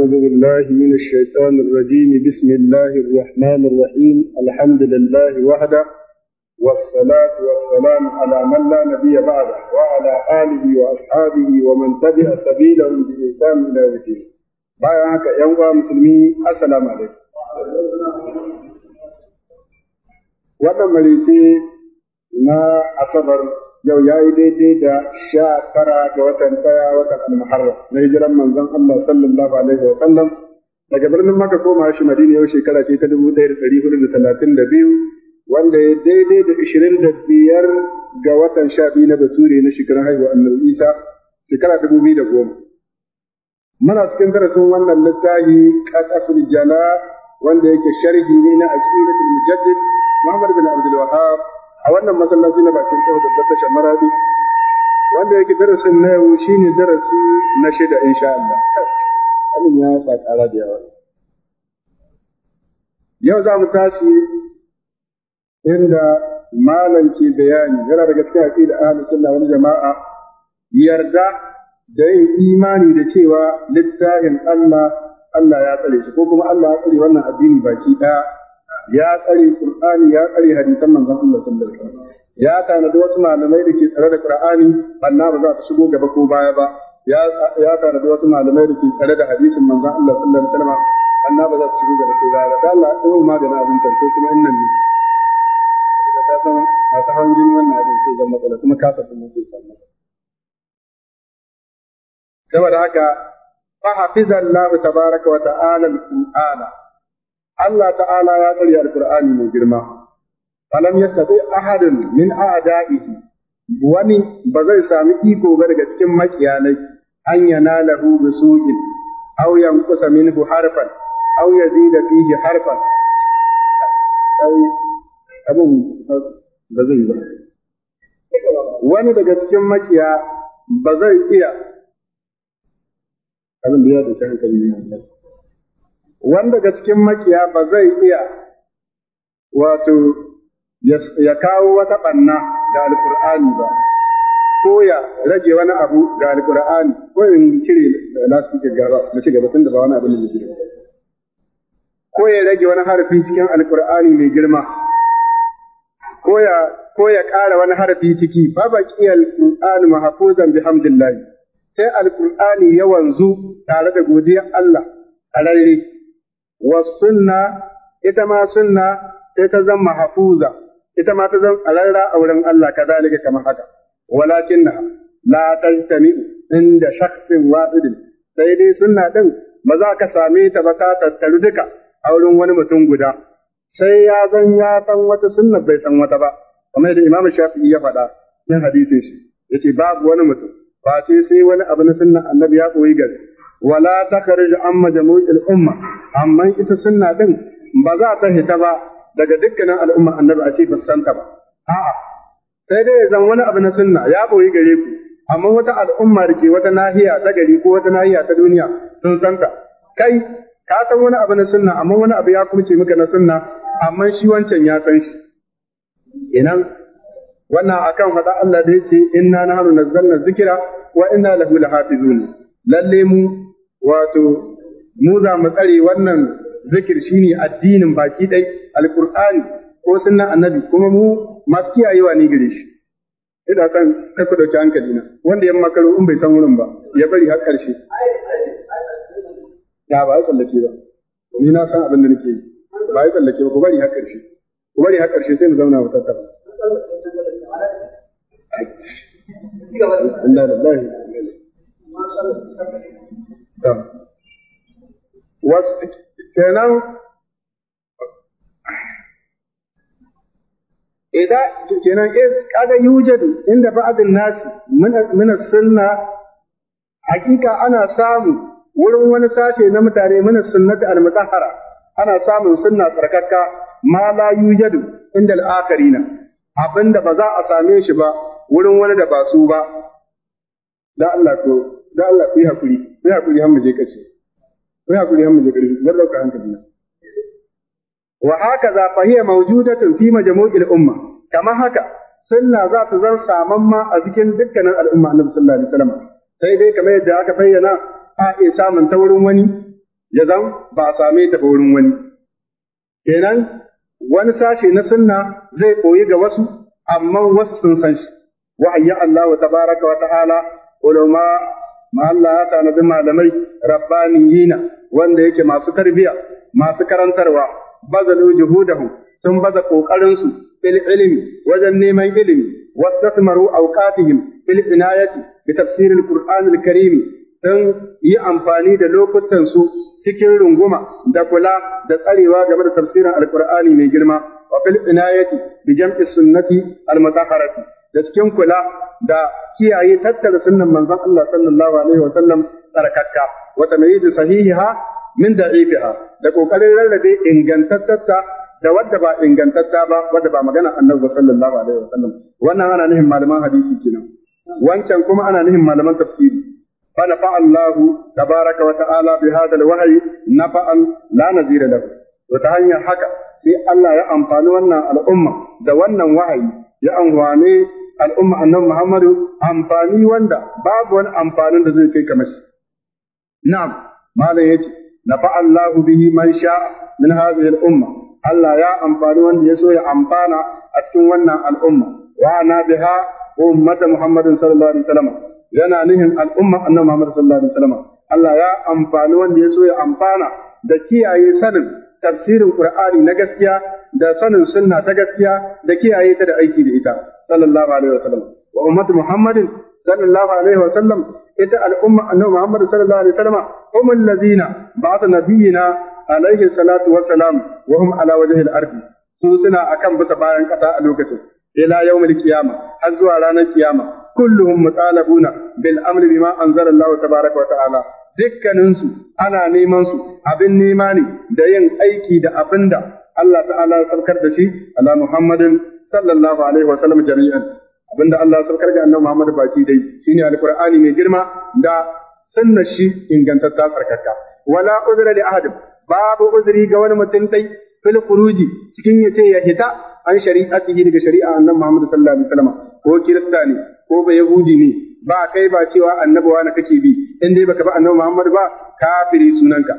أعوذ بالله من الشيطان الرجيم بسم الله الرحمن الرحيم الحمد لله وحده والصلاة والسلام على من لا نبي بعده وعلى آله وأصحابه ومن تبع سبيلهم بإحسان إلى يوم الدين بايعك يا مسلمين السلام عليكم wannan marice na asabar yau ya yi daidai da sha tara ga watan ɗaya watan al-muharram na hijiran manzon Allah sallallahu alaihi wa sallam daga birnin maka koma shi Madina yau shekara ce ta dubu ɗaya da ɗari hudu da talatin da biyu wanda ya daidai da ishirin da biyar ga watan sha biyu na bature na shekarun haihuwa annabi Isa shekara dubu biyu da goma. Muna cikin darasin wannan littafi ƙasafin jala wanda yake sharhi ne na aqidatul mujaddid Muhammad bin Abdul Wahhab a wannan masallaci na bakin tsohon babbar tashar marabi wanda yake darasin na yau shine darasi na shida in sha Allah abin ya ba ƙara da yawa yau za mu tashi inda malam ke bayani yana da gaskiya da ahlus sunna wani jama'a yarda da yin imani da cewa littafin Allah Allah ya tsare shi ko kuma Allah ya tsare wannan addini baki ɗaya ya tsare Qur'ani ya tsare hadisan manzon Allah sallallahu alaihi wasallam ya tanadi wasu malamai da ke tsare da Qur'ani banna ba za ta shigo gaba ko baya ba ya ya tanadi wasu malamai da ke tsare da hadisin manzon Allah sallallahu alaihi wasallam banna ba za ta shigo gaba ko baya ba Allah ya yi magana abincin ko kuma innan ne da ta san masu hawan jini wannan abin sai zama matsala kuma kafa sun musu sannan saboda haka fa hafizallahu tabaraka wa ta'ala al-qur'ana Allah ta'ala ya karya Alƙur'ani mai girma alam yastati ahadun min a'da'ihi wani ba zai sami iko ba daga cikin makiyalai an bi bisuqin aw yanqusa minhu harfan aw yazida fihi harfan da zai ba wani daga cikin makiya ba zai iya abin da ya da hankali ne wanda ga cikin makiya ba zai iya wato ya kawo wata ɓanna da alƙur'ani ba ko ya rage wani abu ga alƙur'ani ko in cire lasifikin gaba na ci gaba tun da ba wani abu ne mai ko ya rage wani harafi cikin alƙur'ani mai girma ko ya ko ya ƙara wani harafi ciki ba ki alqur'anu mahfuzan bihamdillah sai Alƙur'ani ya wanzu tare da godiyar Allah a wasunna ita ma sunna sai ta zama hafuza ita ma ta zan alarra a wurin Allah kazalika kamar haka na la tajtami'u inda shakhsin wahidin sai dai sunna din ba za ka same ta ba ta tattaru duka a wurin wani mutum guda sai ya zan ya san wata sunna bai san wata ba kamar da imamu Shafi'i ya faɗa cikin hadisin shi yace babu wani mutum ba sai wani abu na sunna annabi ya koyi gari wala takharij amma jami'il umma amma ita sunna din ba za ta hita ba daga dukkanin al'umma annabi a ce ba santa ba a'a sai dai zan wani abu na sunna ya boyi gare ku amma wata al'umma da ke wata nahiya ta gari ko wata nahiya ta duniya sun santa. kai ka san wani abu na sunna amma wani abu ya ce maka na sunna amma shi wancan ya san shi kenan wannan akan faɗa Allah da na inna nahnu nazzalna zikira wa inna lahu lahafizun lalle mu wato mu za mu tsare wannan zikir shine addinin baki dai alƙur'ani ko sunnan annabi kuma mu masu kiyayewa ne gare shi ina san kai ku ɗauki hankali na wanda yamma makaro in bai san wurin ba ya bari har karshe ya ba ya tsallake ba ni na san abin da nake yi ba ya tsallake ba ku bari har karshe ku bari har karshe sai mu zauna mu tattara Allah Allah kenan idan eh, nasi ana samu wurin wani sashe na mutane min al-mutahhara ana samun sunna tsarkakka ma la yujadu inda al-akharina abinda ba za a same shi ba wurin wani da ba su ba da Allah ko da Allah ku yi hakuri ku yi hakuri har mu je kace ku hakuri har mu je kace zan dauka hankali na wa hakaza fa hiya mawjudatun fi majmu'il umma kamar haka sunna za ta zan saman ma a cikin dukkanin al'umma annabi sallallahu alaihi wasallam sai dai kamar yadda aka bayyana a iya samun ta wurin wani ya zan ba a same ta wurin wani kenan wani sashe na sunna zai koyi ga wasu amma wasu sun san shi wa ayya Allah wa tabaraka wa ta'ala ulama ma Allah ya tanadi malamai rabbaniyina wanda yake masu tarbiya masu karantarwa bazalu juhudahum sun baza kokarin su fil ilmi wajen neman ilimi wastasmaru awqatihim fil inayati bi tafsir al-Qur'an al-Karim sun yi amfani da lokutan su cikin runguma da kula da tsarewa game da tafsirin alqur'ani mai girma wa fil inayati bi jam'i sunnati al-mutahharati da cikin kula da kiyaye tattara sunnan manzon Allah sallallahu alaihi wa sallam tsarkakka wa tamyizu sahihiha min da'ifiha da kokarin rarrabe ingantattatta da wadda ba ingantatta ba wadda ba magana annabi sallallahu alaihi wa sallam wannan ana nihin malaman hadisi kenan wancan kuma ana nihin malaman tafsiri فنفع الله تبارك وتعالى بهذا الوحي نفعا لا نظير له وتهني حكا sai Allah ya amfani wannan al'umma da wannan wahayi ya amfani al'umma annabi Muhammadu amfani wanda babu wani amfanin da zai kai kamar shi na'am malam yace Na fa'allahu bihi man sha min hadhihi al’umma, umma Allah ya amfani wanda ya so ya amfana a cikin wannan al'umma wa na biha ummata Muhammadin sallallahu alaihi wasallam yana nihin al'umma annabi Muhammad sallallahu alaihi wasallam Allah ya amfani wanda ya so ya amfana da kiyaye sanin tafsirin Qur'ani na gaskiya da sanin sunna ta gaskiya da kiyaye ta da aiki da ita sallallahu alaihi wasallam wa ummatu muhammadin sallallahu alaihi wasallam ita al'umma annabi muhammad sallallahu alaihi wasallam humul ladina ba'da nabiyina alaihi salatu wassalam wa hum ala wajhil ardi su suna akan bisa bayan kasa a lokacin ila yawmil qiyama har zuwa ranar kiyama kulluhum mutalabuna bil amri bima anzala Allah tabaaraka wa ta'ala dukkaninsu ana neman su abin nema ne da yin aiki da abin da. Allah ta'ala ya sarkar da shi ala Muhammadin sallallahu alaihi wa sallam jami'an abinda Allah ya sarkar da annabi Muhammad baki dai shine alqur'ani mai girma da sunnar shi ingantatta sarkarka wala uzra li ahad babu uzri ga wani mutum dai fil khuruji cikin yace ya hita an shari'atihi daga shari'a annabi Muhammad sallallahu alaihi wa sallam ko kirista ne ko ba yahudi ne ba kai ba cewa annabi wani kake bi in dai baka ba annabi Muhammad ba kafiri sunanka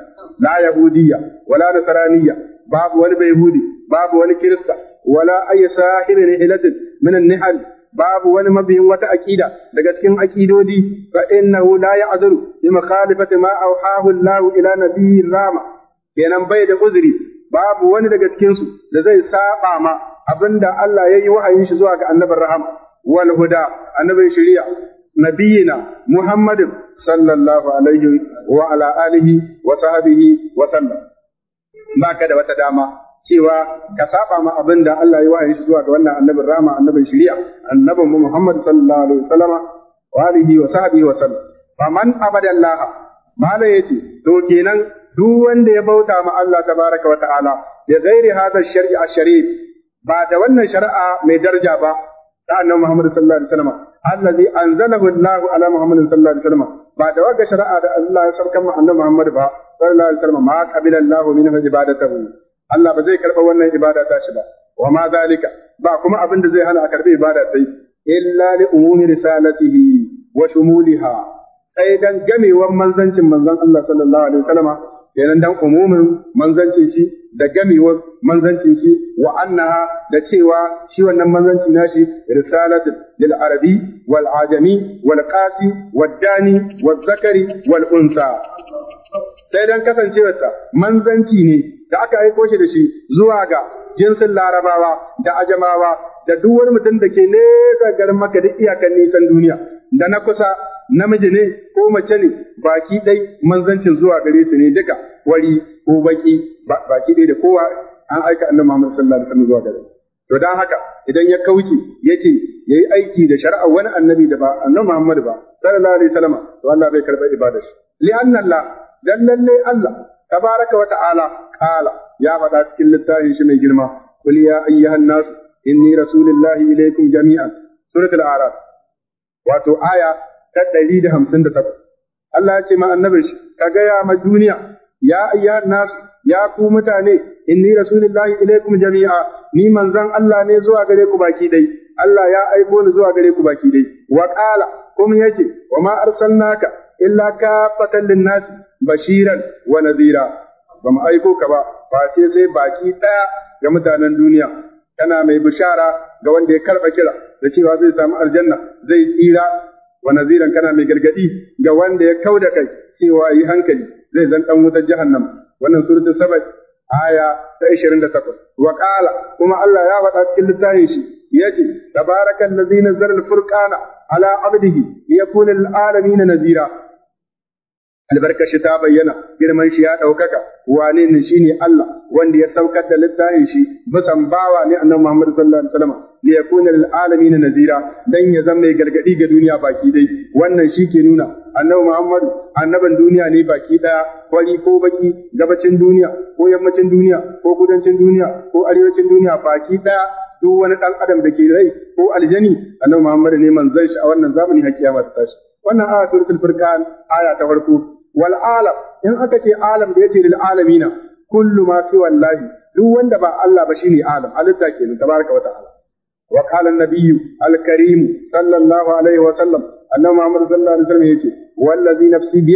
la yahudiyya wala nasraniyya babu wani bai hudi. babu wani kirista wala ay sahibi rihlatin min nihal babu wani mabiyin wata aqida daga cikin aqidodi fa innahu la ya'dhuru bi mukhalifati ma awhahu Allah ila nabiyyi rama kenan bai da uzuri babu wani daga cikin su da zai saba ma abinda Allah ya yi wahayin shi zuwa ga annabar rahama wal huda annabin shari'a sallallahu alaihi wa ala alihi wa sahbihi wa sallam. ba ka da wata dama cewa ka saba ma abin da Allah ya wahayi shi zuwa ga wannan annabin rama annabin shari'a annabin mu Muhammad sallallahu alaihi wasallama wa alihi wa sahbihi wa sallam faman abada Allah mala yace to kenan duk wanda ya bauta ma Allah tabaraka wa ta'ala ya gairi hada shar'i asharif ba da wannan shari'a mai daraja ba da annabi Muhammad sallallahu alaihi wasallama allazi anzalahu Allah ala Muhammad sallallahu alaihi wasallama ba da wagga shari'a da Allah ya saukar mu annabi Muhammad ba sallallahu alaihi wasallam ma qabila Allah min ibadatahu Allah ba zai karba wannan ibada ta shi ba wa ma zalika ba kuma abin da zai hana a karbi ibada sai illa li umumi risalatihi wa shumuliha sai dan gamewan manzancin manzon Allah sallallahu alaihi wasallam kenan dan umumin manzancin shi da gamewar manzancin shi wa annaha da cewa shi wannan manzanci nashi risalat lil arabi wal ajami wal qasi wal dani wal zakari wal unsa sai dan kasancewarsa manzanci ne da aka aiko shi da shi zuwa ga jinsin larabawa da ajamawa da duk wani mutum da ke nesa garin maka duk iyakan nisan duniya da na kusa namiji ne ko mace ne baki ɗai manzancin zuwa gare su ne duka wari ko baki baki ɗai da kowa an aika annabi Muhammad sallallahu alaihi wasallam zuwa gare to dan haka idan ya kauce yace yayi aiki da shari'a wani annabi da ba annabi Muhammad ba sallallahu alaihi wasallam to Allah bai karba ibadar shi li Allah dan lalle Allah tabaraka wa ta'ala qala ya faɗa cikin littafin shi mai girma qul ya ayyuhan nas inni rasulullahi ilaykum jami'an suratul a'raf wato aya ta ɗari da da hamsin takwas. Allah ya ce ma annabin shi ka gaya ma duniya ya ayyuhan nasu ya ku mutane inni rasulillahi ilaikum jami'a ni manzon Allah ne zuwa gare ku baki dai Allah ya aiko ni zuwa gare ku baki dai wa ƙala, kuma yace wa ma arsalnaka illa kafatan linnas bashiran wa Nazira. ba mu aiko ka ba ce sai baki ɗaya ga mutanen duniya kana mai bishara ga wanda ya karɓa kira da cewa zai samu aljanna zai tsira wa naziran kana mai gargadi ga wanda ya kauda kai cewa yi hankali zai zan dan wutar jahannama wannan suratul sabat aya ta 28 wa qala kuma Allah ya faɗa cikin littafin shi yace tabarakal ladzi nazzala al-furqana ala abdihi liyakuna alami alamin nazira albarkashi ta bayyana girman shi ya ɗaukaka wane ne shine Allah wanda ya saukar da littafin shi musan bawa ne annabi Muhammad sallallahu alaihi wasallam li yakuna lil alamin nazira dan ya zama mai gargadi ga duniya baki dai wannan shi ke nuna annabi Muhammad annaban duniya ne baki daya kwari ko baki gabacin duniya ko yammacin duniya ko kudancin duniya ko arewacin duniya baki daya duk wani dan adam da ke rai ko aljani annabi Muhammad ne manzon shi a wannan zamani har kiyama ta tashi wannan aya suratul furqan aya ta farko Wal'alam, in aka ce alam da ya ce lil alamina kullu ma fi wallahi duk wanda ba Allah ba shine alam alitta kenan tabaraka wa ta'ala wa qala nabiyyu al sallallahu alaihi wa sallam annabi Muhammad sallallahu alaihi wa sallam yace wallazi nafsi bi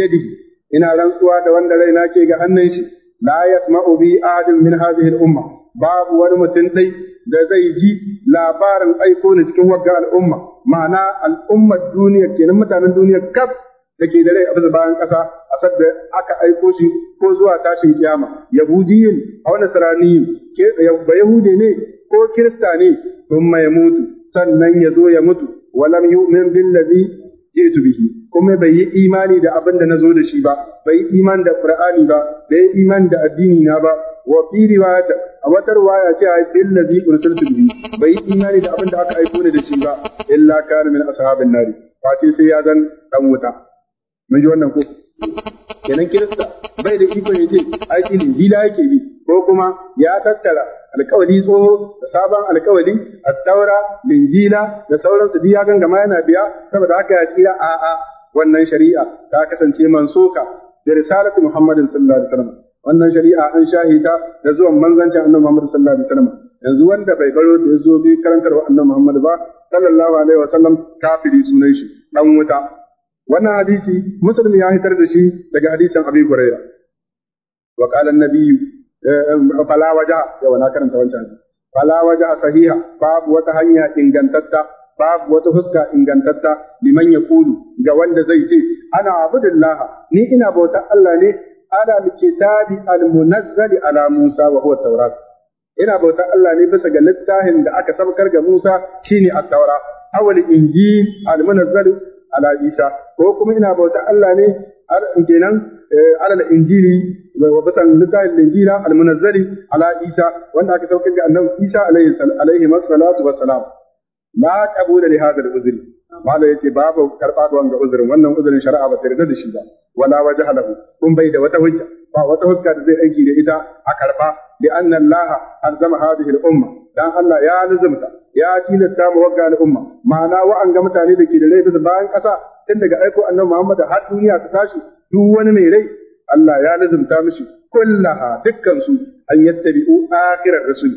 ina rantsuwa da wanda raina ke ga hannun shi la yasma'u bi ahadin min hadhihi al-umma babu wani mutum dai da zai ji labarin aiko ne cikin wagga al'umma ma'ana al'ummar duniya kenan mutanen duniya kaf da ke da rai a bisa bayan ƙasa a sadda aka aiko shi ko zuwa tashin kiyama yahudiyin A wani ke ba yahudi ne ko kirista ne thumma mutu, sannan ya zo ya mutu walam yu'min billazi jitu bihi kuma bai yi imani da abin da zo da shi ba bai yi imani da qur'ani ba bai yi imani da addini na ba wa fi riwayat a wata riwaya ce ai billazi ursiltu bihi bai yi imani da abin da aka aiko ne da shi ba illa kana min ashabin nari face sai ya zan dan wuta mun ji wannan ko kenan kirista bai da iko ya ce ai shi linjila yake bi ko kuma ya tattara alkawali tsoho da sabon a attaura linjila da sauransu duk ya gangama yana biya saboda haka ya tsira a a wannan shari'a ta kasance mansuka da risalatu muhammadin sallallahu alaihi wasallam wannan shari'a an shahita da zuwan manzancin annabi muhammad sallallahu alaihi wasallam yanzu wanda bai baro ta yazo bi karantar wa annabi muhammad ba sallallahu alaihi wasallam kafiri sunan shi dan wuta wannan hadisi muslim ya hitar da shi daga hadisin abi huraira wa qala an-nabiyyu eh, fala waja ya wana karanta wancan fala waja sahiha babu wata hanya ingantatta babu wata huska ingantatta liman yaqulu ga wanda zai ce ana abudullah ni ina bautar Allah ne ala alkitabi almunazzal ala Musa wa huwa at-Taurat ina bautar Allah ne bisa ga littafin da aka sabkar ga Musa shine at-taura awal injil almunazzal ala isa ko kuma ina bauta Allah ne har kenan eh, alal injili wa bisan littafin injila almunazzali ala isa wanda aka saukar da annabi isa alaihi alaihi wassalatu wassalam la qabula li hadha al-uzri malai yace babu karba da wanga uzurin wannan uzurin shari'a ba ta yarda da shi ba wala wajhalahu kun bai da wata hujja ba wata hujja da zai aiki da ita a karba bi anna Allah arzama hadhihi umma dan Allah ya lazumta ya tilasta mu wagga al-umma ma'ana wa'anga mutane da ke da rai bayan kasa tun daga aiko annabi Muhammad har duniya ta tashi duk wani mai rai Allah ya lazumta mishi kullaha dukkan su an yattabi'u akhirar rasul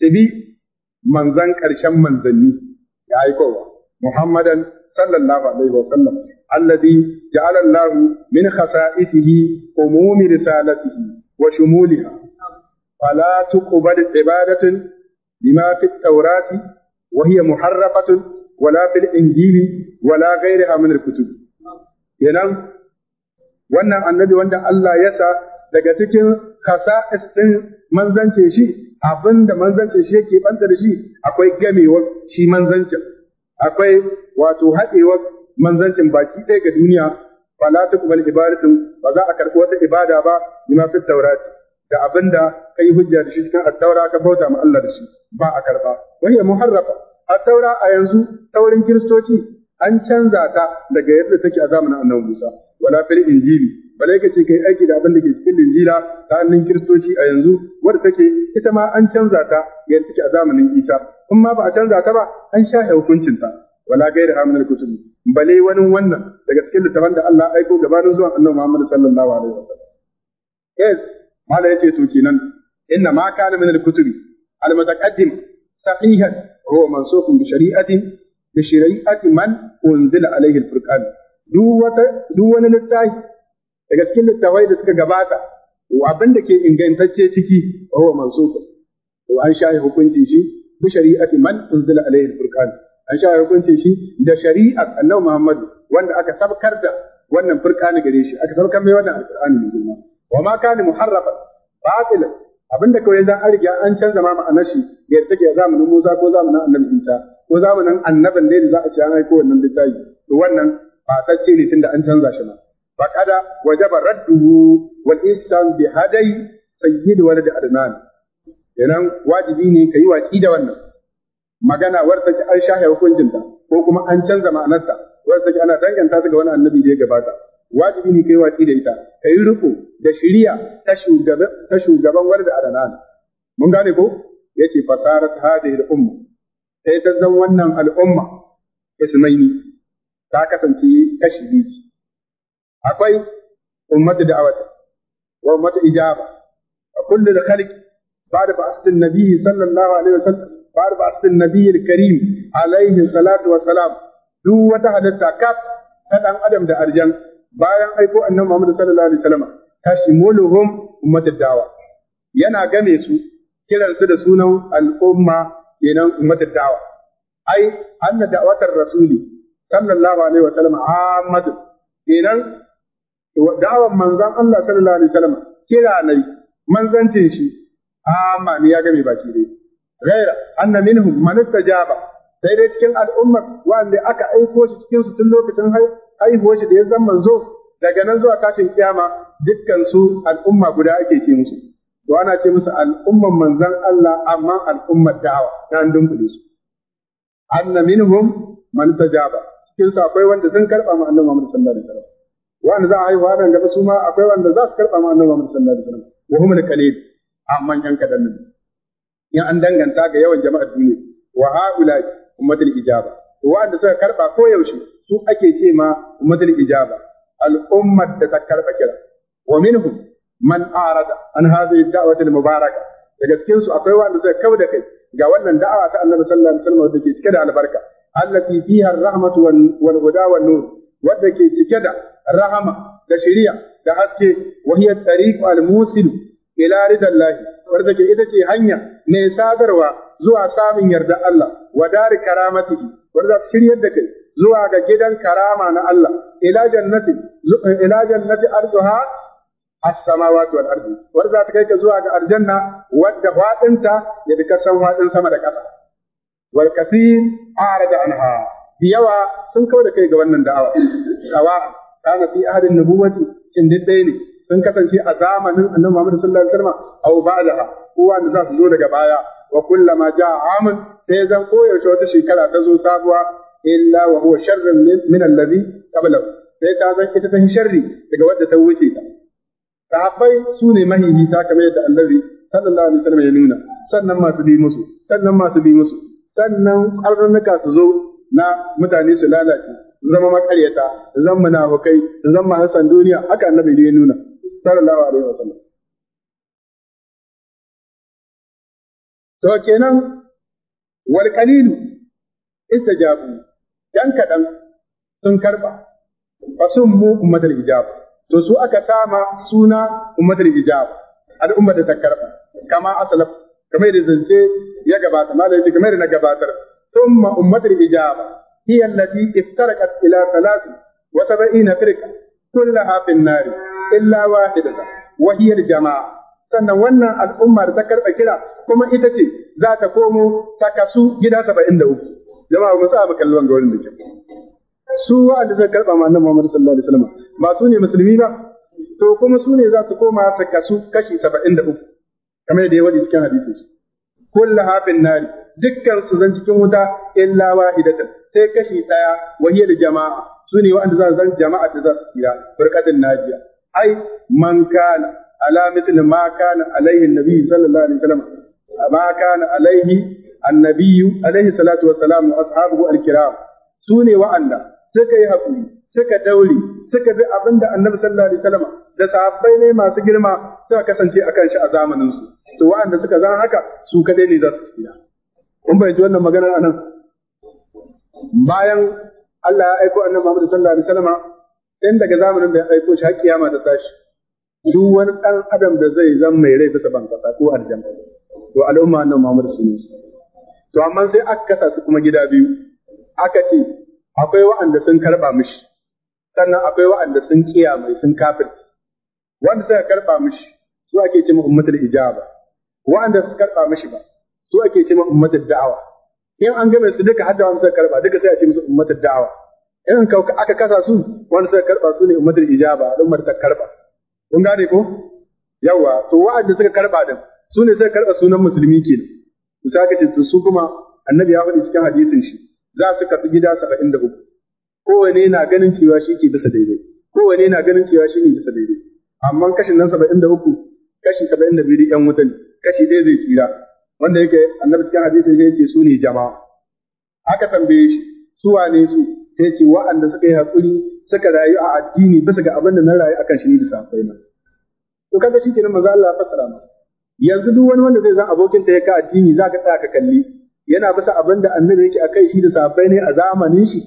tabi manzan karshen manzanni ya aikowa Muhammadan sallallahu alaihi wa sallam alladhi ja'ala Allah min khasa'isihi umumi risalatihi wa shumuliha فلا تقبل عبادة بما في التوراة وهي محرفة ولا في الإنجيل ولا غيرها من الكتب kenan wannan annabi wanda Allah ya sa daga cikin kasa'is ɗin manzance shi abinda manzance shi yake banta da shi akwai gamewa shi manzancin akwai wato haɗewar manzancin baki ɗaya ga duniya fala tuqbal ibadatun ba za a karɓi wata ibada ba bima fit tawrati da abinda kai hujja da shi cikin addaura ka bauta ma Allah da shi ba a karba ya muharrafa addaura a yanzu taurin kiristoci an canza ta daga yadda take a zamanin annabi Musa wala fil injili bale kace kai aiki da abin da ke cikin injila ta hannun kiristoci a yanzu wadda take ita ma an canza ta yadda take a zamanin Isa kun ma ba a canza ta ba an shahe hukuncin ta wala gairi aminal kutubi bale wani wannan daga cikin littafan da Allah aiko gabanin zuwan annabi Muhammad sallallahu alaihi wasallam yes mala ce to kenan inna ma kana min al-kutubi al-mutaqaddim sahihan huwa mansukun bi shari'atin bi shari'ati man unzila alayhi al-furqan duk wata duk wani littafi daga cikin littafai da suka gabata abin da ke ingantacce ciki huwa mansukun to an shaye hukuncin shi bi shari'ati man unzila alayhi al-furqan an shaye hukuncin shi da shari'ar annabi Muhammad wanda aka sabkar da wannan furqani gare shi aka sabkar mai wannan Al-Qur'an alqur'ani ne wa ma kana muharrafa batila abinda kawai yanzu an riga an canza ma ma'anar shi yadda ke zamanin Musa ko zamanin Annabi Isa ko zamanin annaban da za a ci an aiko wannan littafi to wannan ba ta ce ne tunda an canza shi ma kada wajaba radduhu wal insan bi hadai sayyid walad adnan Idan wajibi ne kai watsi da wannan magana warta an shahe hukuncin ta ko kuma an canza ma'anarsa warta ana danganta ta ga wani annabi da ya gabata wajibi ne kai watsi da ita ka yi riko da shiriya ta shugaban wani da warda mun gane ko yace fasarat hadhihi da umma sai ta zan wannan al'umma ismaini ta kasance kashi biyu akwai ummatu awata, wa ummatu ijaba A kullu al-khalq بعد بعث النبي صلى الله عليه وسلم بعد بعث النبي الكريم عليه الصلاة والسلام duk wata halitta kaf ta ɗan adam da arjan bayan aiko annabi Muhammad sallallahu alaihi wasallam muluhum ummatad dawa yana game su kiran su da sunan al'umma kenan ummatad dawa ai anna da'watar rasuli sallallahu alaihi wasallam ammatun kenan da'awan manzon Allah sallallahu alaihi wasallam kira ne manzancin shi amma ne ya game baki dai ghaira anna minhum man istajaba sai dai cikin al'ummar wanda aka aiko shi cikin su tun lokacin haihuwar shi da ya zama zo, daga nan zuwa tashin kiyama dukkan su al'umma guda ake ce musu to ana ce musu al'umman manzan Allah amma al'ummar da'awa na an dunkule su anna minhum man tajaba cikin su akwai wanda sun karba mu annabi Muhammad sallallahu alaihi wasallam wanda za a haihuwa nan gaba su ma akwai wanda za su karba mu annabi Muhammad sallallahu alaihi wasallam wa humul qalil amma yan kadan nan in an danganta ga yawan jama'ar duniya wa haula ummatul ijaba wanda suka karba ko yaushe su ake ce ma ummatul ijaba al'ummar da ta karba kira wa minhum man arada an hadhihi da'watul mubaraka daga cikin su akwai wanda zai kawo da kai ga wannan da'awa ta Annabi sallallahu alaihi wasallam da ke cike da albarka allati fiha ar-rahmatu wal huda wan nur wadda ke cike da rahama da shari'a da haske wa hiya tariq al-musil ila ridallahi wadda ke ita ce hanya mai sadarwa zuwa samun yarda Allah wa dar karamatihi wadda shiryar da kai zuwa ga gidan karama na Allah ila jannati ila jannati arduha as-samawati wal ardi war za ta kai ka zuwa ga aljanna wadda fadinta ya bi kasan fadin sama da ƙasa wal kathir arada anha yawa sun kawo da kai ga wannan da'awa sawa kana fi ahadin nubuwati shin diddai ne sun kasance a zamanin annabi Muhammad sallallahu alaihi wasallam au ba'daha kowa da za su zo daga baya wa kullama ja'a amun sai zan koyaushe wata shekara ta zo sabuwa illa wa huwa sharrun min alladhi qablahu sai ta zan ita tafi sharri daga wadda ta wuce ta sahabbai su ne ta kamar yadda annabi sallallahu alaihi wasallam ya nuna sannan masu bi musu sannan masu bi musu sannan karnuka su zo na mutane su lalace zama makaryata zan su zan hasan duniya haka annabi ya nuna sallallahu alaihi wasallam to kenan wal qalilu istajabu kaɗan kaɗan sun karɓa fa sun mu ummatul hijab to su aka sama suna ummatul hijab al'ummar da ta karɓa kama asalaf kamar da zance ya gabata Malam yace kamar da na gabatar thumma ummatul hijab hiya allati iftaraqat ila thalath wa sab'ina firqa kullaha fin nar illa wahidatan wa hiya al-jama'a sannan wannan al'ummar ta karɓa kira kuma ita ce za ta komo ta kasu gida saba'in da uku. jama'a mun sa mu kalli wanga wurin da kyau su wa'anda suka karba ma annabi Muhammad sallallahu alaihi wasallam ba su ne musulmi ba to kuma su ne za su koma su kasu kashi 73 kamar da ya wadi cikin hadisi kullu hafin nari dukkan su zan cikin wuta illa wahidatan sai kashi daya wahiyar jama'a su ne wa'anda za su zan jama'a ta za su tsira burkadin najiya ai man kana ala mithl ma kana alaihi nabi sallallahu alaihi wasallam ma kana alaihi annabiyu alaihi salatu wa wassalam wa ashabuhu alkiram su ne wa'anda suka yi haƙuri suka daure suka bi abin da annabi sallallahu alaihi wasallam da sahabbai ne masu girma suka kasance akan shi a zamanin su to wa'anda suka zan haka su kadai ne za su tsira kun bai ji wannan maganar anan bayan Allah ya aiko annabi Muhammad sallallahu alaihi wasallam ɗan daga zamanin da ya aiko shi har kiyama ta tashi duk wani ɗan adam da zai zan mai rai bisa ban ko aljanna to al'umma annabi Muhammad sallallahu alaihi wasallam To amma sai aka kasa su kuma gida biyu, aka ce akwai wa'anda sun karɓa mishi, sannan akwai wa'anda sun kiya mai sun kafirci. Wanda suka karɓa mishi, su ake ce ma ummatul ijaba. Wa'anda suka karɓa mishi ba, su ake ce ma ummatul da'awa. In an game su duka hadda wanda suka karɓa, duka sai a ce musu ummatul da'awa. In aka kasa su, wanda suka karɓa su ne ummatul ijaba, al'ummar ta karɓa. Kun gane ko? Yawwa, to wa'anda suka karɓa din, su ne suka karɓa sunan musulmi kenan. Musa ka ce su kuma annabi ya faɗi cikin hadisin shi za su kasu gida saba'in da uku kowane na ganin cewa shi ke bisa daidai kowane na ganin cewa shi ne bisa daidai amma kashin nan saba'in da uku kashi saba'in da biyu yan wutan kashi ɗaya zai tsira wanda yake annabi cikin hadisin shi yake su ne jama'a aka tambaye shi su wane su sai ce wa'anda suka yi haƙuri suka rayu a addini bisa ga abin da na rayu akan shi ne da safai na to kaga shi kenan maza Allah ya fassara masa yanzu duk wani wanda zai zan abokin ta ya ka addini za ka tsaya ka kalli yana bisa abin da annabi yake akai shi da safai ne a zamanin shi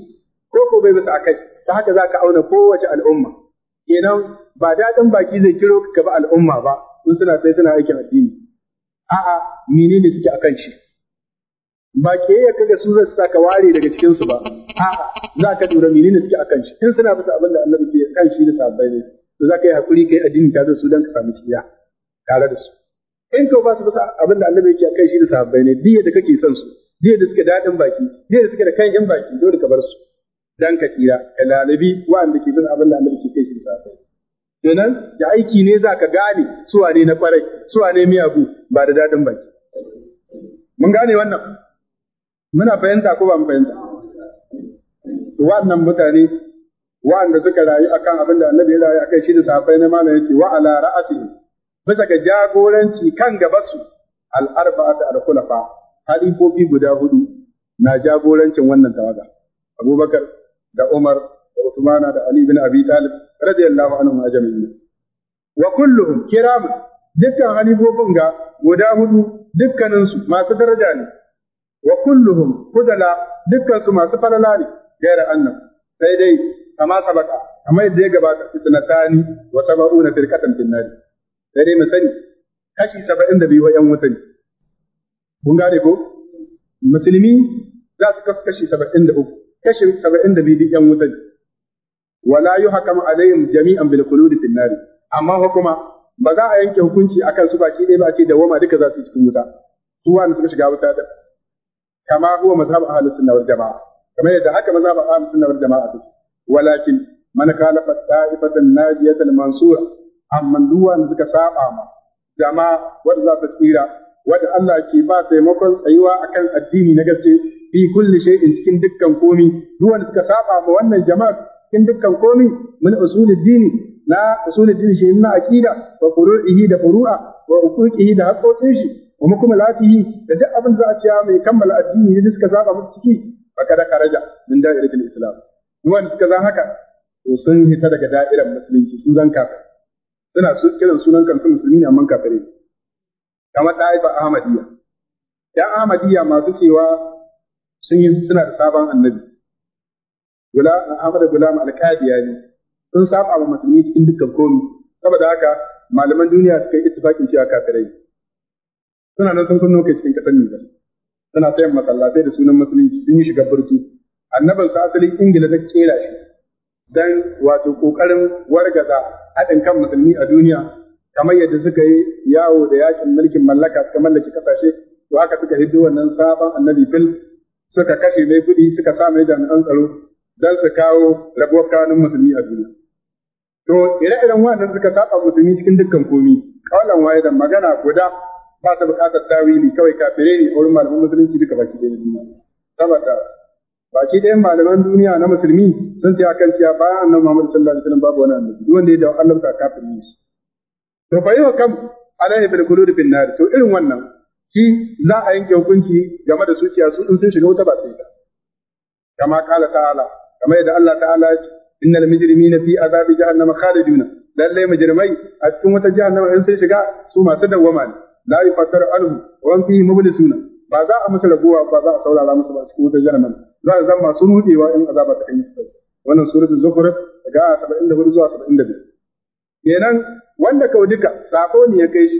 ko ko bai bisa akai ta haka za ka auna kowace al'umma kenan ba daɗin baki zai kiro ka ba al'umma ba in suna sai suna aikin addini a'a menene suke akan shi ba ke ya kaga su zai saka ware daga cikin su ba a'a za ka dora menene suke akan shi in suna bisa abin da annabi ke kan shi da safai ne to za ka yi hakuri kai addini tare da su don ka samu ciya tare da su in ka ba su bisa abin da annabi yake kai shi da sahabbai ne biye da kake son su biye da suke daɗin baki biye da suke da kan yan baki dole ka bar su dan ka tsira ka lalabi wa'anda ke bin abin da annabi ke kai shi da sahabbai kenan da aiki ne za ka gane suwa ne na kwarai suwa ne miyagu ba da daɗin baki mun gane wannan muna fahimta ko ba mu fahimta wannan mutane wa'anda suka rayu akan abin da annabi ya rayu akan shi da sahabbai na malam yace wa ala ra'atihi bisa ga jagoranci kan gabasu al'arba'atu al-khulafa halifofi guda hudu na jagorancin wannan tawaga Abubakar da Umar da Usmana da Ali bin Abi Talib radiyallahu anhum ajma'in wa kulluhum kiram dukkan halifofin ga guda hudu dukkaninsu masu daraja ne wa kulluhum kudala dukkansu masu falala ne gaira annan sai dai kama sabaka kamar yadda ya gabata fitnatani wa sab'una firqatan fil nari sai dai mu sani kashi saba'in da biyu wa ‘yan wuta ne. Kun gane ko? Musulmi za su kasu kashi saba'in da uku, kashi saba'in da biyu ‘yan wuta ne. Wala yi hakama alayhim jami'an bil da fil nari. Amma kuma? ba za a yanke hukunci a kan su baki ɗaya ba ce da wama duka za su yi cikin wuta. Su wani suka shiga wuta da. Kama huwa mazhab ahlus sunna wal jama'a. Kamar yadda haka mazhab ahlus sunna wal jama'a take. Walakin man khalafa ta'ifatan najiyatan mansura amma duk suka saba ma jama'a wanda za ta tsira wanda Allah ke ba taimakon tsayuwa akan addini na gaske fi kulli shay'in cikin dukkan komi duk suka saba ma wannan jama'a cikin dukkan komi min usulul dini na usulul shi na aqida wa furu'ihi da furu'a wa uquqihi da haqqoqin shi kuma mukmalatihi da duk abin za a ciya mai kammala addini ne suka saba musu ciki fakada karaja min da'iratul islam duk suka zan haka to sun hita daga da'irar musulunci sun zan suna kiran sunan kansu musulmi ne amma kafare. kamar ɗaifa ahmadiyya yan ahmadiyya masu cewa sun yi suna da sabon annabi gula ahmad gulam alqadiya ne sun saba wa musulmi cikin dukkan komi saboda haka malaman duniya suka yi ittifaqin cewa kafirai suna nan sun kunno kai cikin kasar ne suna tayin masallatai da sunan musulunci sun yi shiga burtu annabin sa asalin Ingila da kera shi dan wato kokarin wargaza haɗin kan musulmi a duniya kamar yadda suka yi yawo da yakin mulkin mallaka suka mallaki kasashe to haka suka hiddo wannan sabon annabi fil suka kashe mai kuɗi suka sa mai jami'an tsaro don su kawo rabuwar kanun musulmi a duniya to ire-iren wannan suka saba musulmi cikin dukkan komi kawalan waye da magana guda ba ta buƙatar tawili kawai kafirai ne a wurin malamin musulunci duka baki ɗaya duniya saboda baki ɗayan malaman duniya na musulmi sun tsaya kan cewa bayan annabi Muhammad sallallahu alaihi wasallam babu wani annabi duk wanda ya da Allah ka kafin ne to fa yau kam alaihi bil qulud bin nar to irin wannan ki za a yanke hukunci game da suciya su in sun shiga wuta ba sai ba? kama kala ta'ala kamar yadda Allah ta'ala ya ce innal mujrimina fi azabi jahannam khaliduna lalle mujrimai a cikin wata jahannama in sun shiga su masu dawwama ne la yufattaru anhu wa hum fihi mublisuna ba za a musu raguwa ba za a saurara musu ba cikin wutar jahannam za a zama masu rudewa in azaba ta kan yi wannan suratul zukhruf daga 74 zuwa 72 kenan wanda kawai duka sako ne ya kai shi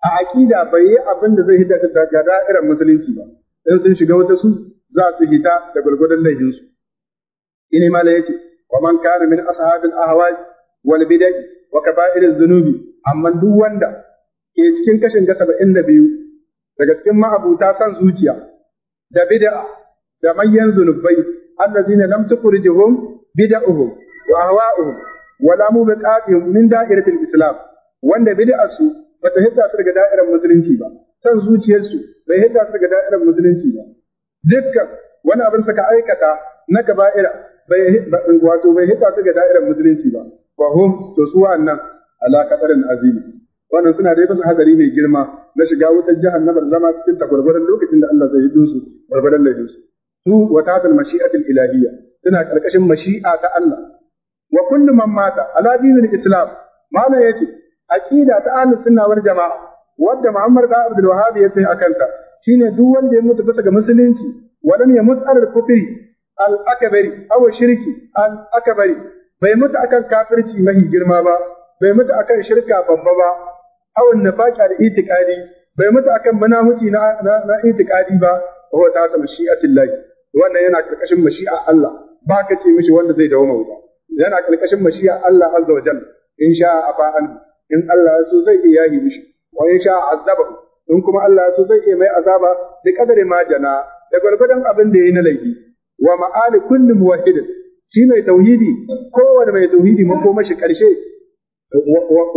a aqida bai yi abin da zai hita daga da'irar musulunci ba in sun shiga wata su za su hita da gurgurdan laifin su ini mala yace wa man kana min ashabil ahwaj wal bidai wa kaba'ir az-zunubi amma duk wanda ke cikin kashin ga 72 daga cikin ma'abuta san zuciya da bid'a da manyan zunubai allazina lam tukhrijuhum bid'uhum wa ahwa'uhum wala mubiqatihum min da'iratil islam wanda bid'asu bata hidda su daga da'irar musulunci ba san zuciyarsu bai hidda su daga da'irar musulunci ba dukkan wani abin suka aikata na kaba'ira bai wato bai hidda su daga da'irar musulunci ba wa hum to su wa'annan ala qadarin azimi wannan suna dai fasa hadari mai girma na shiga wutar jahannama da zama cikin ta lokacin da Allah zai yi su gwargwaron laifin su su wa tatal mashi'atil ilahiyya suna karkashin mashi'a ta Allah wa kullu man mata ala dinil islam mana yace aqida ta ahlus sunna wal jamaa wadda Muhammad da Abdul Wahhab ya sai akanta shine duk wanda ya mutu bisa ga musulunci walam ya mutu alal kufri al akbari aw shirki al akbari bai mutu akan kafirci mahi girma ba bai mutu akan shirka babba ba awon nafaka da itikadi bai mutu akan munafici na na itikadi ba wa ta ta mashi'atillahi wannan yana karkashin mashi'a Allah ba ka ce mishi wanda zai dawo mawuta yana karkashin mashi'a Allah azza wa jalla in sha afa an in Allah ya so zai iya yahi mishi wa in sha azaba in kuma Allah ya so zai iya mai azaba da kadari ma jana da gwargwadon abin da yayi na laifi wa ma'ali kullu muwahhid shi mai tauhidi kowane mai tauhidi shi karshe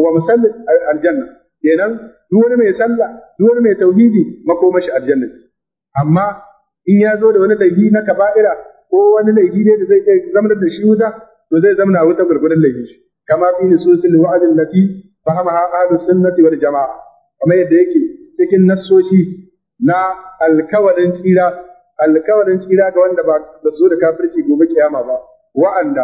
wa musallin aljanna kenan duk wani mai sallah duk wani mai tauhidi makomashi aljanna amma in ya zo da wani laifi na kaba'ira ko wani laifi ne da zai iya zamanar da shi wuta to zai zamana wuta gurgurun laifi shi kama fi nususil wa'adin lati fahamaha ahlus sunnati wal jama'a kuma yadda yake cikin nassoshi na alkawarin tsira alkawarin tsira ga wanda ba da su da kafirci gobe kiyama ba wa'anda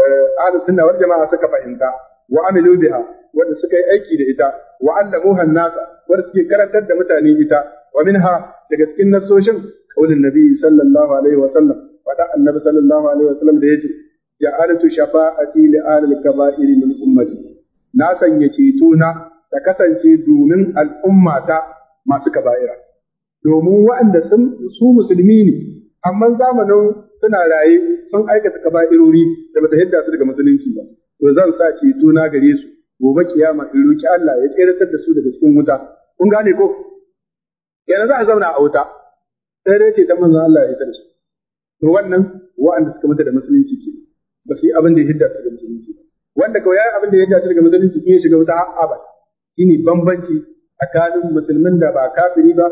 eh, ahlus sunna wal jama'a suka fahimta wa amilu biha wanda suka yi aiki da ita wa allamuha nasa wanda suke karantar da mutane ita wa minha daga cikin nasoshin qaulin nabi sallallahu alaihi wa sallam fada annabi sallallahu alaihi wa sallam da yace ja'altu shafa'ati li alil kaba'iri min ummati na sanya ceto na ta kasance domin al'ummata masu kaba'ira domin waɗanda sun su musulmi ne amma zamanin suna raye sun aikata kaba'irori da bata yadda su daga musulunci ba to zan sa ceto na gare su gobe kiyama in roki Allah ya tseratar da su daga cikin wuta kun gane ko yana za a zauna a wuta sai dai ce dan manzon Allah ya tsare su to wannan wa'anda suka mutu da musulunci ke ba su yi abin da ya hidda su daga musulunci ba wanda kawai yayi abin da ya hidda su daga musulunci in ya shiga wuta abada shine bambanci tsakanin musulmin da ba kafiri ba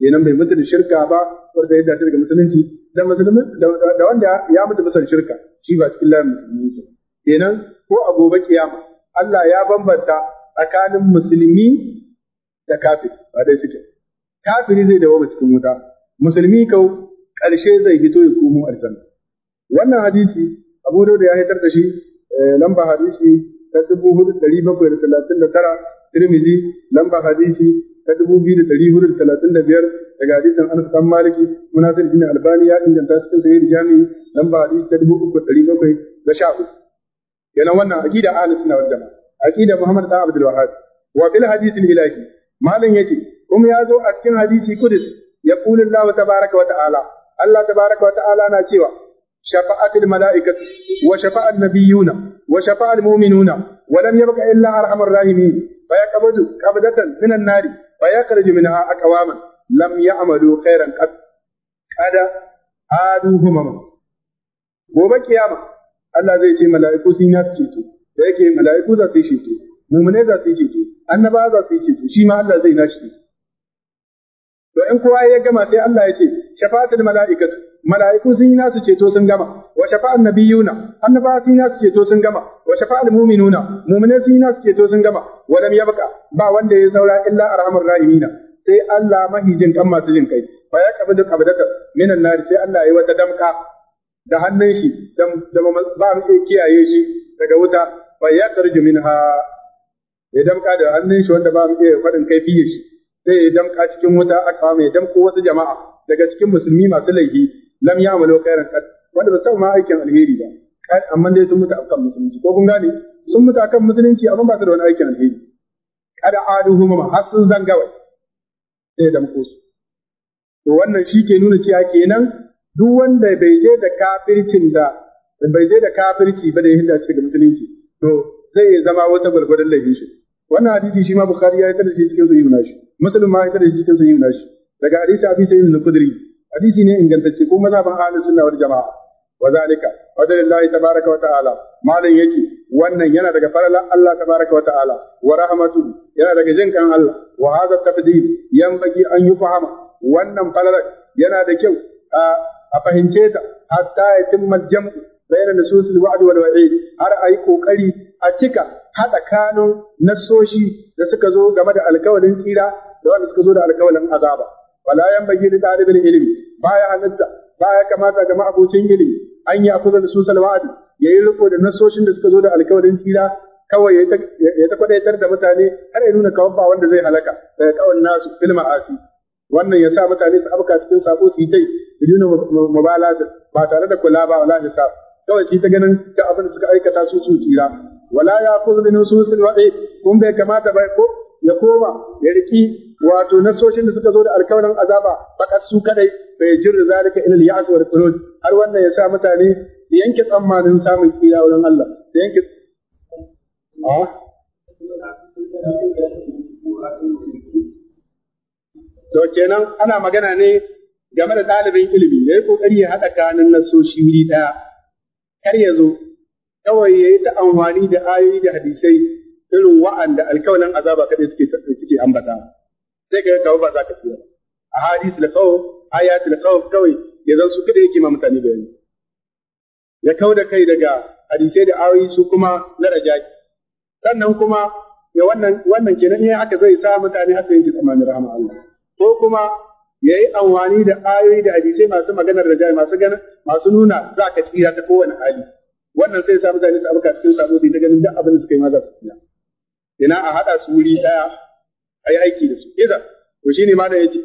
kenan bai mutu da shirka ba wanda ya su daga musulunci da musulmin da wanda ya mutu bisa shirka shi ba cikin layin musulmi ne kenan ko a gobe kiyama Allah ya bambanta tsakanin musulmi da kafir ba dai suke kafiri zai dawo cikin wuta musulmi kau ƙarshe zai fito ya komo aljanna wannan hadisi Abu Dawud ya hitar da shi eh, lamba hadisi ta dubu bakwai da talatin da tara Tirmidhi lamba hadisi ta dubu biyu da hudu da talatin da biyar daga hadisin Anas dan Maliki munazir bin Albani ya inganta cikin sahih Jami lamba hadisi ta dubu uku da bakwai da sha hudu kenan wannan aqida ahlus sunna wal jamaa aqida Muhammad dan Abdul Wahhab wa bil hadith al ilahi malam yace kuma ya zo a cikin hadisi kudus ya qulu Allah tabaaraka wa ta'ala Allah tabaaraka wa ta'ala na cewa shafa'atul mala'ikatu wa shafa'an nabiyyuna wa shafa'al mu'minuna wa lam yabqa illa arhamar rahimin fa yaqbadu qabdatan min an-nar fa yakhruju minha aqwaman lam ya'malu khairan qad qada aduhum gobe kiyama Allah zai ce mala'iku sun yi ceto da yake mala'iku za su yi ceto mumune za su yi ceto annaba za su yi ceto shi ma Allah zai nashi to in kowa ya gama sai Allah ya ce shafa'atul mala'ikatu mala'iku sun yi nasu ceto sun gama wa shafa'an nabiyuna annaba sun yi nasu ceto sun gama wa shafa'al mu'minuna mummune sun yi nasu ceto sun gama wa lam yabqa ba wanda ya saura illa arhamur rahimina sai Allah mahijin kan masu jin kai ba ya kabi duk abdaka minan nar sai Allah ya yi wata damka da hannun shi da ba mu iya kiyaye shi daga wuta fa ya tarju minha ya damka da hannun shi wanda ba mu iya kai fiye shi sai ya damka cikin wuta aka mai damko wasu jama'a daga cikin musulmi masu laifi lam ya'malu khairan qad wanda ba su ma aikin alheri ba amma dai sun mutu akan musulunci ko kun gane sun mutu akan musulunci amma ba su da wani aikin alheri kada aduhu ma har sun zanga wai sai ya damko su to wannan shi ke nuna cewa kenan duk wanda bai je da kafircin da bai je da kafirci ba da ya hinda daga musulunci to zai iya zama wata gwargwadon laifin shi wannan hadisi shi ma bukhari ya yi da shi cikin sahih nashi muslim ma ya da shi cikin sahih nashi daga hadisi abi sayyid al-khudri hadisi ne ingantacce ko ban ahlus sunna wal jamaa wa zalika fadlillahi tabaaraka wa ta'ala malam yace wannan yana daga faralan Allah tabaaraka wa ta'ala wa rahmatu yana daga jin kan Allah wa hadha tafdil baki an yufahama wannan faralan yana da kyau a fahimce ta hatta ya timma jam'u bayan nususul wa'd wal wa'id har ayi kokari a cika hada kanun nasoshi da suka zo game da alkawalin tsira da wanda suka zo da alkawalin azaba wala bagi da talibil ilmi baya halatta baya kamata ga ma'abucin ilimi an yi kuzo nususul wa'd yayi riko da nasoshin da suka zo da alkawalin tsira kawai ya ta kwadaitar da mutane har ya nuna kawabba wanda zai halaka daga kawai nasu filma asi wannan ya sa mutane su abuka cikin sako su yi tai yuduna mubalata ba tare da kula ba wala hisab kawai shi ta ganin ta abin da suka aikata su su tsira wala ya kuzu bi nususil wa'i eh, kun bai kamata ba ko ya koma ya riki wato nasoshin da suka zo da alkawarin azaba fakat su kadai bai jirri zalika ilal ya'as wal qulud har wannan ya sa mutane yanke tsammanin samun tsira wurin Allah da yanke a to kenan ana magana ne game da ɗalibin ilimi ya yi ƙoƙari ya haɗa kanun nasoshi wuri ɗaya kar ya zo kawai ya yi ta amfani da ayoyi da hadisai irin wa'anda alkawalin azaba kaɗai suke suke ambata sai ka kawo ba za ka fiye a hadis da kawo ayat da kawo kawai ya zan su kaɗai yake ma mutane bayani ya kawo da kai daga hadisai da ayoyi su kuma na rajaki sannan kuma ya wannan wannan kenan in aka zai sa mutane haka yanke tsammanin rahama Allah ko kuma ya yi amfani da ayoyi da hadisai masu maganar da jari masu gana masu nuna za ka tsira ta kowane hali wannan sai sa mutane su abuka cikin sabo su ta ganin duk abin da suka yi ma su tsira ina a haɗa su wuri ɗaya a yi aiki da su iza to shine ma da ya ce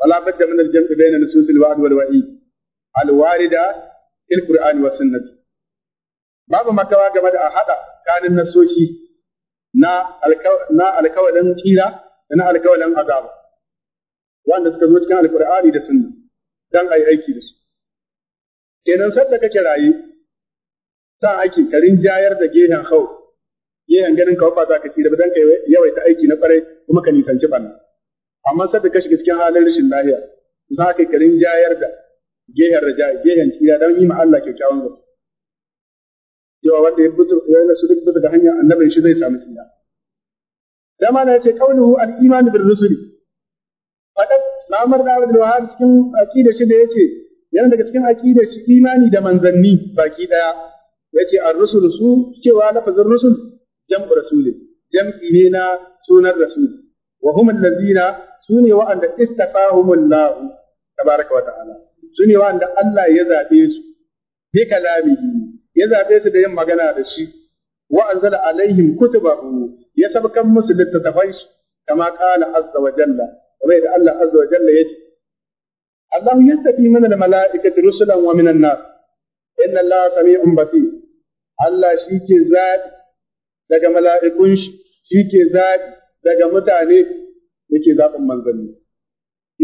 wala badda min al-jam'i bayna nususil wa'd wal wa'i al-warida fil qur'an wa sunnati babu makawa game da a haɗa kanin nasoshi na alkawalin tsira da na alkawalin azaba wanda suka zo cikin alkur'ani da sunna dan ayi aiki da su kenan sadda kake raye sa aiki karin jayar da gehen hau gehen ganin ka ba za ka ci da dan kai yawaita aiki na kwarai kuma ka nisanci banna amma sadda ka shiga cikin halin rashin lafiya za ka karin jayar da gehen raja gehen tira dan yi ma Allah kyakkyawan zuwa cewa wanda ya butu ya nasu duk bisa ga hanyar annabin shi zai samu kira dama na ce qawluhu al-iman bil rusuli Lamar da Abdul Wahab cikin aqidar shi da yace yana daga cikin aqidar shi imani da manzanni baki daya yace ar-rusul su cewa lafazin rusul jam'u rasulin jam'i ne na sunan rasul wa hum allazina sune wa'anda istafahumullah tabaraka wa ta'ala sune wa'anda Allah ya zabe su bi kalamihi ya zabe su da yin magana da shi wa anzala alaihim kutubahu ya sabkan musu littattafai su, kama qala azza wa jalla kamar yadda Allah azza wa jalla ya yace Allah yastafi min al mala'ikati rusulan wa min an nas inna Allah sami'un basir Allah shi ke zaɓi daga mala'ikun shi shi ke zaɓi daga mutane yake zaɓin manzanni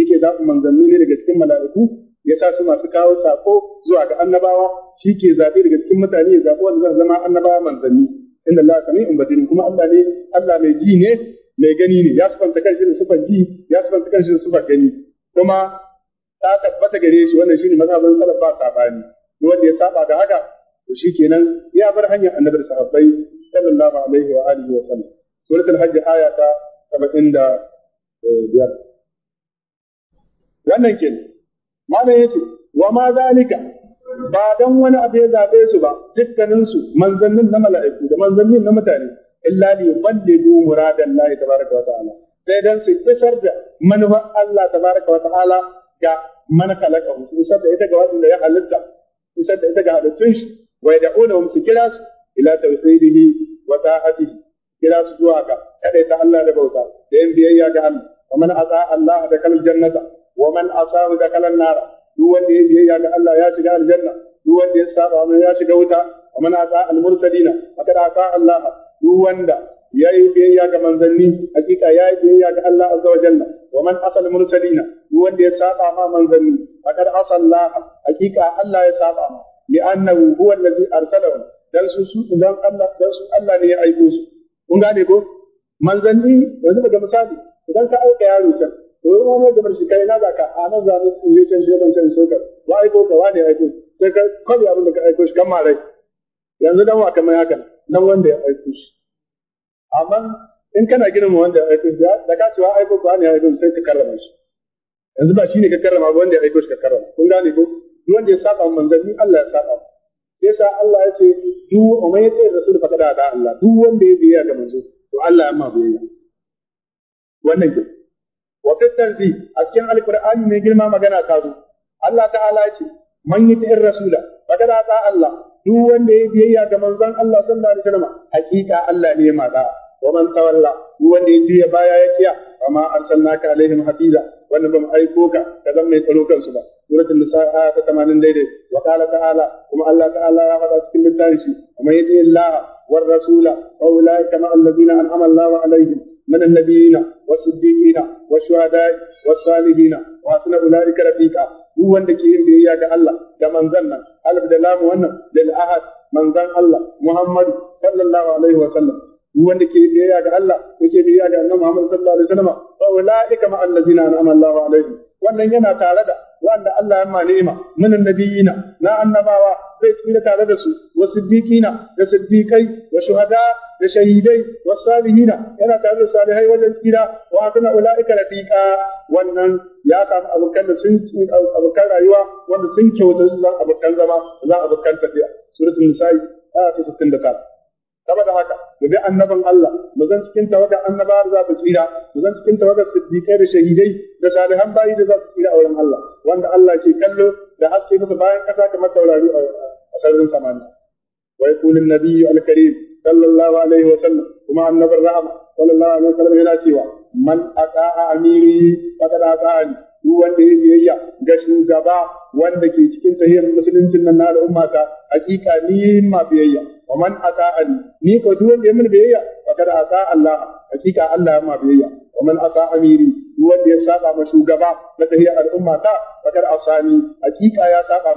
ke zaɓin manzanni ne daga cikin mala'iku ya sa su masu kawo sako zuwa ga annabawa shi ke zaɓe daga cikin mutane ya zaɓi wanda zai zama annabawa manzanni inna Allah sami'un basir kuma Allah ne Allah mai ji ne mai gani ne ya sufanta kanshi da sufan ji ya sufanta kanshi da sufan gani kuma ta tabbata gare shi wannan shine mazhabin salaf ba sabani wanda ya saba da haka to shikenan ya bar hanyar annabi sahabbai sallallahu alaihi wa alihi wa sallam suratul hajj aya ta 75 eh, wannan kenan malam yace wa ma zalika ba dan wani abu ya zabe su ba dukkaninsu manzannin na mala'iku da manzannin na mutane illa li yuballighu muradan Allah tabaraka wa ta'ala sai dan su isar da manufa Allah tabaraka wa ta'ala ga man khalaqa su isar da ita ga wanda ya halitta isar da ita ga halittun shi wa yad'unahum su kira su ila tawhidihi wa ta'atihi kira su zuwa ga ta Allah da bauta da yin biyayya ga Allah wa man ata Allah da kalal jannata wa man asahu da kalal nara duk wanda ya biyayya ga Allah ya shiga aljanna duk wanda ya saba ya shiga wuta wa man ata al mursalina faqad ata Allah duk wanda ya yi biyayya ga manzanni hakika ya yi biyayya ga Allah azza wa jalla wa man asal mursalina duk wanda ya saba ma manzanni faqad asallaha hakika Allah ya saba ma annahu huwa allazi arsalahu dan su su dan Allah dan su Allah ne ya aiko su kun gane ko manzanni yanzu daga misali idan ka aika yaro can to yi wani da marshi kai na za ka a nan za mu yi can shi ban can sokar wa aiko ka wa ne aiko sai ka kwabi abin da ka aiko shi kan marai yanzu dan wa kamar haka na wanda ya aiko shi amma in kana girma wanda ya aiko shi da ka cewa aiko ba ne aiko sai ka karrama shi yanzu ba shi ne ka karrama ba wanda ya aiko shi ka karrama kun gane ko duk wanda ya saba manzanni Allah ya saba yasa Allah ya ce duk umma ya tsaya rasul fa kada da Allah duk wanda ya biya ga manzo to Allah ya ma biyayya wannan ke wa fitan zi a cikin alƙur'ani ne girma magana ta zo Allah ta'ala ya ce man yuti'ir rasula ba faqad ata Allah duk wanda ya biyayya ga manzon Allah san sallallahu alaihi wasallam hakika Allah ne ma da wa man tawalla duk wanda ya juya baya ya kiya amma arsalnaka alaihim hafiza wannan ba mu aiko ka ka zama mai tsaro kansu ba suratul nisa aya ta 80 daidai wa qala ta'ala kuma Allah ta'ala ya faɗa cikin littafin shi kuma yati Allah war rasula fa ulaika ma alladhina an'ama Allahu alaihim من النبيين والصديقين والشهداء والصالحين وحسن أولئك رفيقا duk wanda ke yin biyayya ga Allah da manzon nan alif da lam wannan lil ahad manzon Allah Muhammad sallallahu alaihi wa sallam duk wanda ke yin biyayya ga Allah yake biyayya ga Annabi Muhammad sallallahu alaihi wa sallam fa ulaika ma allazina an'ama Allahu alaihim wannan yana tare da wanda Allah ya ni'ima min annabiyina na annabawa zai tsira tare da su wa siddiqina da siddiqai wa shuhada da shahidai wa salihina yana tare da salihai wajen tsira wa kana ulaika rafiqa wannan ya samu abokan da sun abokan rayuwa wanda sun kyauta su zan abokan zama zan abokan tafiya suratul nisa'i ayat 69 saboda haka mu bi annaban Allah mu zan cikin tawaga annabawa za su tsira mu zan cikin tawaga siddiqai da shahidai da salihan bayi da za su tsira a wurin Allah wanda Allah ke kallo da haske musu bayan kasa kamar taurari a sararin samani. wa yaqulu an-nabiyyu al-karim sallallahu alaihi wa sallam kuma annabar rahama sallallahu alaihi wa sallam yana cewa man ata'a amiri faqad ata'ani duk wanda ya biyayya ga shugaba wanda ke cikin tahiyar musuluncin nan na al'umma ta hakika ni ma biyayya wa man ata'ani ni ko duk wanda ya mun biyayya faqad ata Allah hakika Allah ya ma biyayya wa man ata amiri duk ya saba ma shugaba na tahiyar asani ya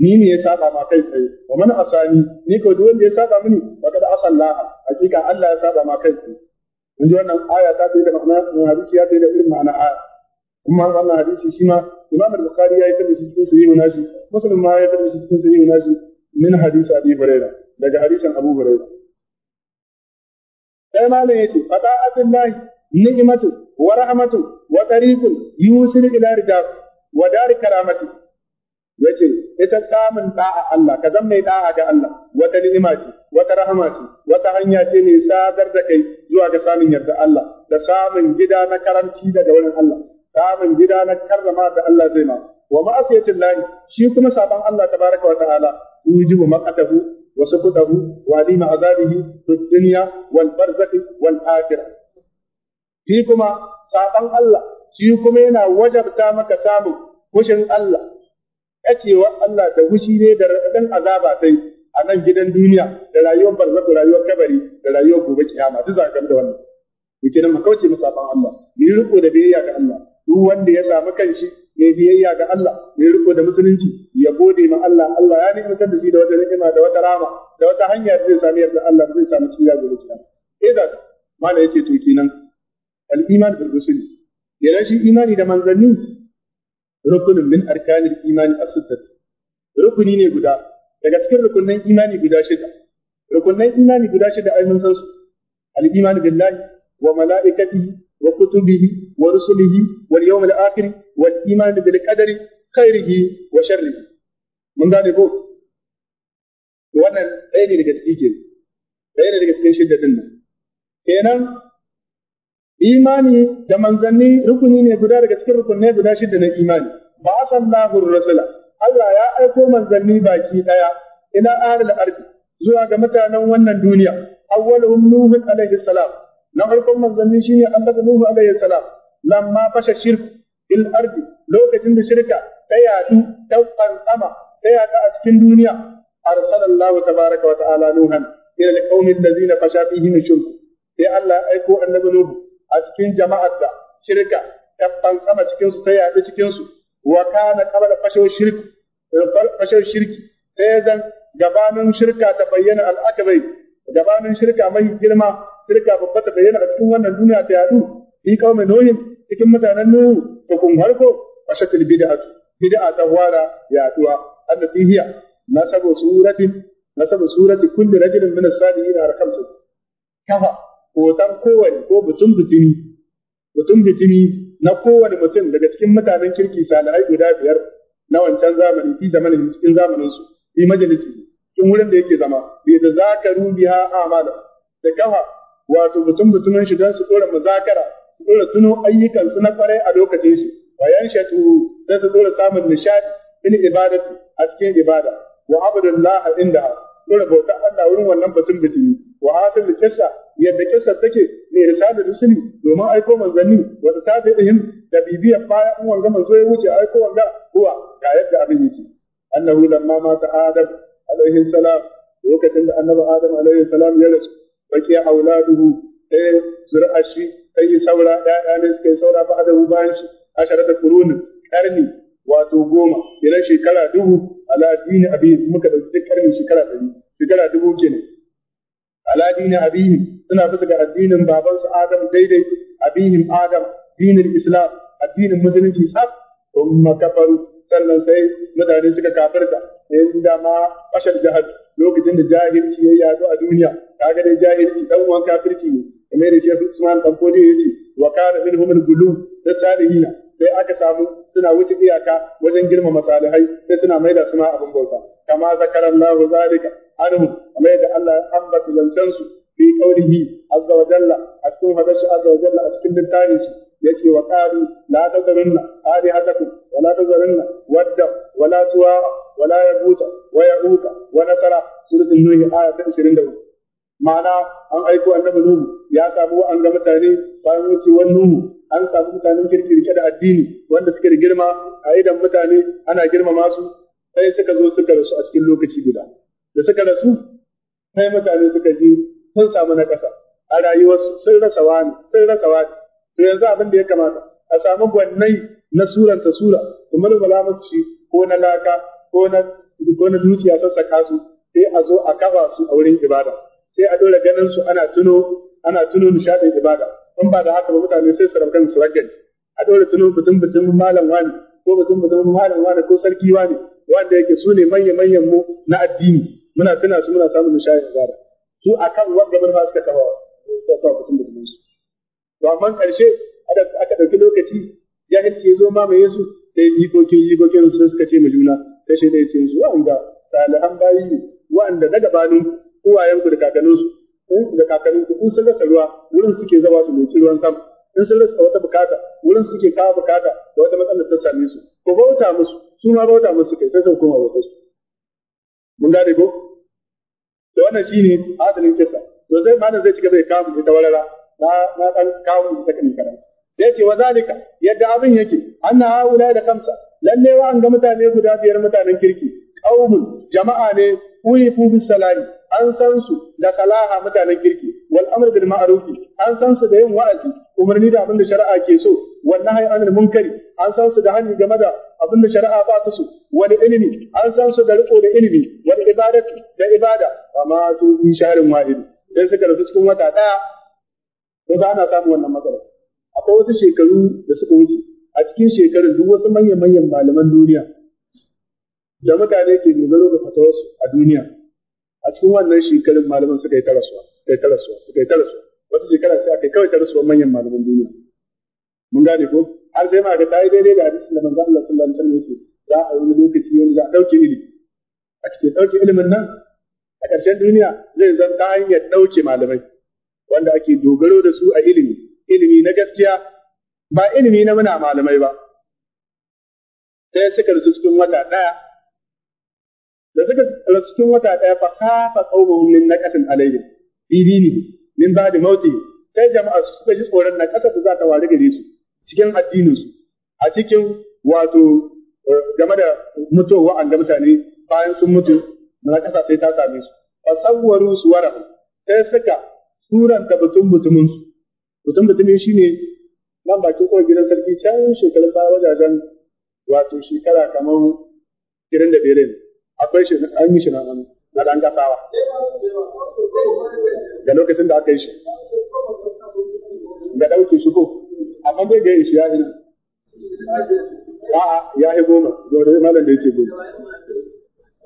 ni ne ya saba ma kai tsaye wa man asani ni ko duk wanda ya saba mini faqad asallaha hakika Allah ya saba ma kai tsaye mun ji wannan aya ta da ma'ana hadisi ya da irin ma'ana aya kuma wannan hadisi shi ma Imam bukhari ya yi tabbaci cikin sahihu Muslim ma ya tabbaci cikin sahihu min hadisi Abi Hurairah daga hadisin Abu Hurairah sai malam yace fata'atul lahi ni'matu wa rahmatu wa tariqun yusil ila rijal wa dar karamati yace ita samun da'a Allah ka zama mai da'a ga Allah wata ni'ima ce wata rahama ce wata hanya ce ne sadar da kai zuwa ga samun yarda Allah da samun gida na karanci daga wurin Allah samun gida na karrama da Allah zai ma wa ma'asiyatin lahi shi kuma saban Allah tabaraka wa ta'ala yujibu maqatahu وسكته وعظيم عذابه في الدنيا والبرزخ kuma yana wajen الله فيكما samun وجب تامك سامو وشن الله أتيوى الله دوشي لي درأتن عذاباتي a nan gidan duniya da rayuwar barzakhu rayuwar kabari da rayuwar gobe kiyama duk za ka da wannan mu kauce mu saban Allah mu yi riko da biyayya ga Allah duk wanda ya samu kanshi mai biyayya ga Allah mai riko da musulunci ya gode ma Allah Allah ya nemi da shi da wata ni'ima da wata rama da wata hanya da zai sami yarda Allah zai sami cinya gobe kiyama idan mana yace to kenan al iman bil rusul yana shi imani da manzanni rukunin min arkanil imani as-sittat rukuni ne guda daga cikin rukunin imani guda shida rukunin imani guda shida ai mun san su al iman billahi wa mala'ikatihi وكتبه ورسله واليوم الآخر والإيمان بالقدر خيره وشره من ذلك wannan ɗaya ne daga cikin kenan ɗaya ne daga cikin shidda ɗin nan kenan imani da manzanni rukuni ne guda daga cikin rukunne guda shidda na imani ba sallahu rasula Allah ya aiko manzanni baki ɗaya ila ahlil ardi zuwa ga mutanen wannan duniya awwaluhum nuhu alaihi salam na farkon manzanni shine annabi Nuhu alaihi salam lamma fasha shirk il ardi lokacin da shirka ta yadu ta kankama ta yadu a cikin duniya arsalallahu tabaraka wa ta'ala nuhan ila alqaumin allazina fasha fihim shirk sai Allah ya aiko annabi Nuhu a cikin jama'ar da shirka ta kankama cikin su ta yadu cikin su wa kana qabla fashaw shirk fashaw shirki sai zan gabanin shirka ta bayyana al'akabai gabanin shirka mai girma shirka babba ta bayyana a cikin wannan duniya ta yadu fi mai nuhin cikin mutanen nuhu to kun harko A shakil bid'a bid'a ta wara yaduwa na sabo surati na sabo surati kulli rajulin min as-salihin arkamtu kafa tan kowani ko butun butuni butun butuni na kowani mutum daga cikin mutanen kirki salihai guda biyar na wancan zamani fi zamanin cikin zamanin su fi majalisi cikin wurin da yake zama bi da zakaru biha amala da kafa wato mutum mutumin shi don su dora muzakara su dora tuno ayyukan su na kwarai a lokacin shi wa yanshatu sai su dora samun nishadi fil ibadatu, a cikin ibada wa abdullah indaha su dora bautar Allah wurin wannan batun bitini wa hasil kissa yadda kissa take ne risalar rusuli domin aiko manzanni wa tabi'ihim da bibiyar baya an wanga manzo ya wuce aiko wanga huwa ga yadda abin yake annahu lamma mata adam alaihi salam lokacin da annabi adam alaihi salam ya rasu baki auladuhu ɗaya eh, zuri'ar shi sai yi saura ɗaya ne suka yi saura ba da bayan shi ashara da kurunin karni wato goma kenan shekara dubu ala dini abihim muka ɗauki duk karni shekara ɗari shekara dubu kenan ala dini abihim suna bisa ga addinin babansu adam daidai abihim adam dinin islam addinin musulunci sab thumma kafaru sannan sai mutane suka kafirta yanzu dama fashar jihar lokacin da jahilci ya yadu a duniya kaga dai jahilci dan uwan kafirci ne kamar da Sheikh Usman Kankoli yace wa kana bulu al-gulu da salihina sai aka samu suna wuce iyaka wajen girmama salihai sai suna maida suna abin bauta kama zakarallahu zalika anhum amai da Allah ya ambata zancen su fi qaulihi azza wa jalla a cikin hadashi azza wa jalla a cikin littafin yace wa qalu la tazarunna alihatakum wa la tazarunna wadda wa la suwa wa la yabuta wa ya'uka wa nasara suratul nuh aya ta 24 ma'ana an aiko annabi nuhu ya samu an ga mutane bayan wucewar nuhu an samu mutanen kirkirke da addini wanda suke da girma a idan mutane ana girmama su sai suka zo suka rasu a cikin lokaci guda da suka rasu sai mutane suka ji sun samu na ƙasa a rayuwarsu sun rasa wani sun rasa wani to yanzu abin da ya kamata a samu gwannai na surarta sura kuma da musu shi ko na laka ko na ko na dukiya sassaka su sai a zo a kafa su a wurin ibada sai a dora ganin su ana tuno ana tuno nishadin ibada in ba da haka ba mutane sai su kan su ragance a dora tuno butun butun malam wani ko butun butun malam wani ko sarki wani wanda yake su ne manya manyan mu na addini muna tuna su muna samun nishadin ibada su akan wanda mun ba suka kafa suka kafa butun butun su to amma ƙarshe aka ɗauki lokaci ya ya zo mamaye da sai yi jikokin su suka ce ma juna ta shi ne ce su wa'anda salihan bayi ne wa'anda na gabanin uwayenku da kakanninsu da kakaninku kun sun rasa ruwa wurin suke zama su mai ruwan sam in sun rasa wata bukata wurin suke kawo bukata da wata matsalar ta same su ko bauta musu su ma bauta musu kai sai su koma bautar su mun gane ko Da wannan shine adalin kisa to sai malam zai ci gaba da mu ita warara na na dan kawo ta kan kadan sai ce wa yadda abin yake anna haula da kamsa lalle wa an ga mutane guda biyar mutanen kirki qaumun jama'a ne uyifu bis salami an san su da salaha mutanen kirki wal amr bil ma'ruf an san su da yin wa'azi umarni da abin da shari'a ke so wal nahyi anil munkari an san su da hannu game da abin da shari'a ba ta so wal ilmi an san su da riko da ilmi wal ibadatu da ibada amma tu bi sharin wahid sai suka rasu cikin wata daya sai ba ana samun wannan matsala akwai wasu shekaru da suka wuce a cikin shekarun duk wasu manyan-manyan malaman duniya da mutane ke dogaro da fatawarsu a duniya a cikin wannan shekarun malaman suka yi tarasuwa suka yi tarasuwa suka yi tarasuwa wasu shekara sai aka kawai tarasuwa manyan malaman duniya mun gane ko har sai ma ga tayi daidai da hadisin da manzo Allah sallallahu alaihi wasallam yake za a yi lokaci wani za a dauke ilimi a cikin dauke ilimin nan a ƙarshen duniya zai zan ta hanyar dauke malamai wanda ake dogaro da su a ilimi ilimi na gaskiya ba ilimi na muna malamai ba sai suka rasu cikin wata ɗaya da suka rasu cikin wata ɗaya fa ta qaumun min ƙasin alaihim fi ne, min da mauti sai jama'a su suka ji tsoron na ƙasar da za ta wari gare su cikin addininsu, a cikin wato eh, game da mutuwa an ga mutane bayan sun mutu na ƙasa sai ta same su su wara, sai suka turan ka batun butumin su butun shi ne nan bakin kawai gidan sarki can shekarun baya wajajen wato shekara kamar irin da bere akwai shi an yi shi na ɗan dan da lokacin da aka yi shi ga ɗauke shi ko amma bai ga shi ya yi a'a ya yi goma gore malam da ya ce goma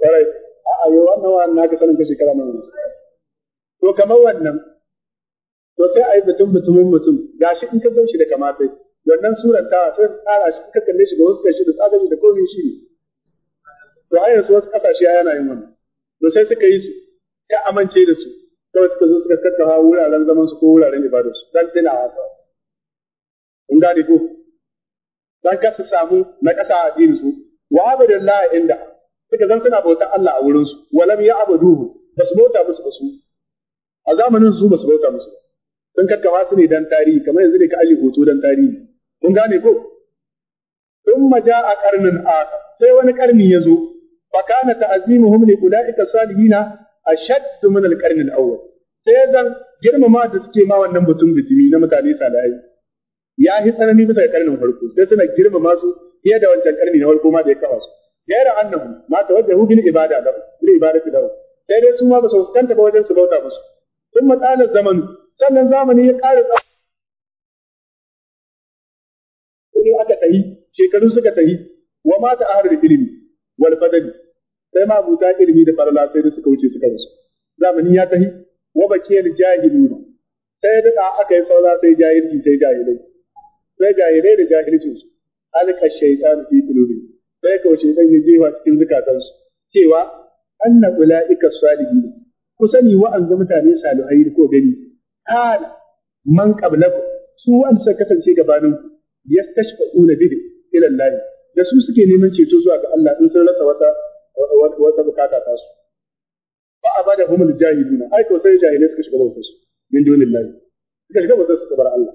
ƙwarai a'a yau wannan wannan na ka sanin ka shekara mai wani to kamar wannan to sai a yi batun mutumin mutum gashi in ka san shi da kamata wannan surar ta sai tsara shi ka kalle shi ga wasu kashi da tsara shi da komai shi ne to ai yanzu wasu kasashe yana yin wannan to sai suka yi su ya amince da su kawai suka zo suka kakkafa wuraren zaman su ko wuraren ibadar su dan tana wasa in gane ko dan ka samu na kasa addinin su wa abadallahi inda suka zan suna bautar Allah a wurin su walam ya abaduhu basu bauta musu ba su a zamanin su basu bauta musu ba sun kakkafa su ne dan tarihi kamar yanzu ne ka aje hoto dan tarihi kun gane ko Sun maja a qarnun A. sai wani karni ya zo fa kana ta'zimuhum li ulaika salihina ashadd min al-qarn al-awwal sai zan girmama da suke ma wannan mutum bitimi na mutane salihai ya yi tsanani bisa ga karnin farko sai suna girmama su fiye da wancan karni na farko ma da ya kafa su gaira annahu ma wajen bil ibada lahu bil ibadati lahu sai dai su ma ba su kanta ba wajen su bauta musu sun matsalar zamanu sannan zamani ya ƙara tsawo ne aka tafi shekaru suka tafi wa mata ahlul ilimi wal badani sai ma buta ilimi da farla sai da suka wuce suka rasu zamani ya tahi wa bakiyal jahiluna sai da aka yi saura sai jahilci sai jahilai sai jahilai da jahilcin su alka shaitan fi kulubi sai ka wuce dan yaje wa cikin zakatan cewa anna ulaika salihin ku sani wa'an mutane salihai ko gani ta'ala man qablakum su wanda suka kasance gabanin ku yastashfa'una bihi ila Allah da su suke neman ceto zuwa ga Allah in sun rasa wata wata bukata ta su fa abada humul jahiluna ai to sai jahilai suka shiga bautar su min dunillahi suka shiga bautar su bar Allah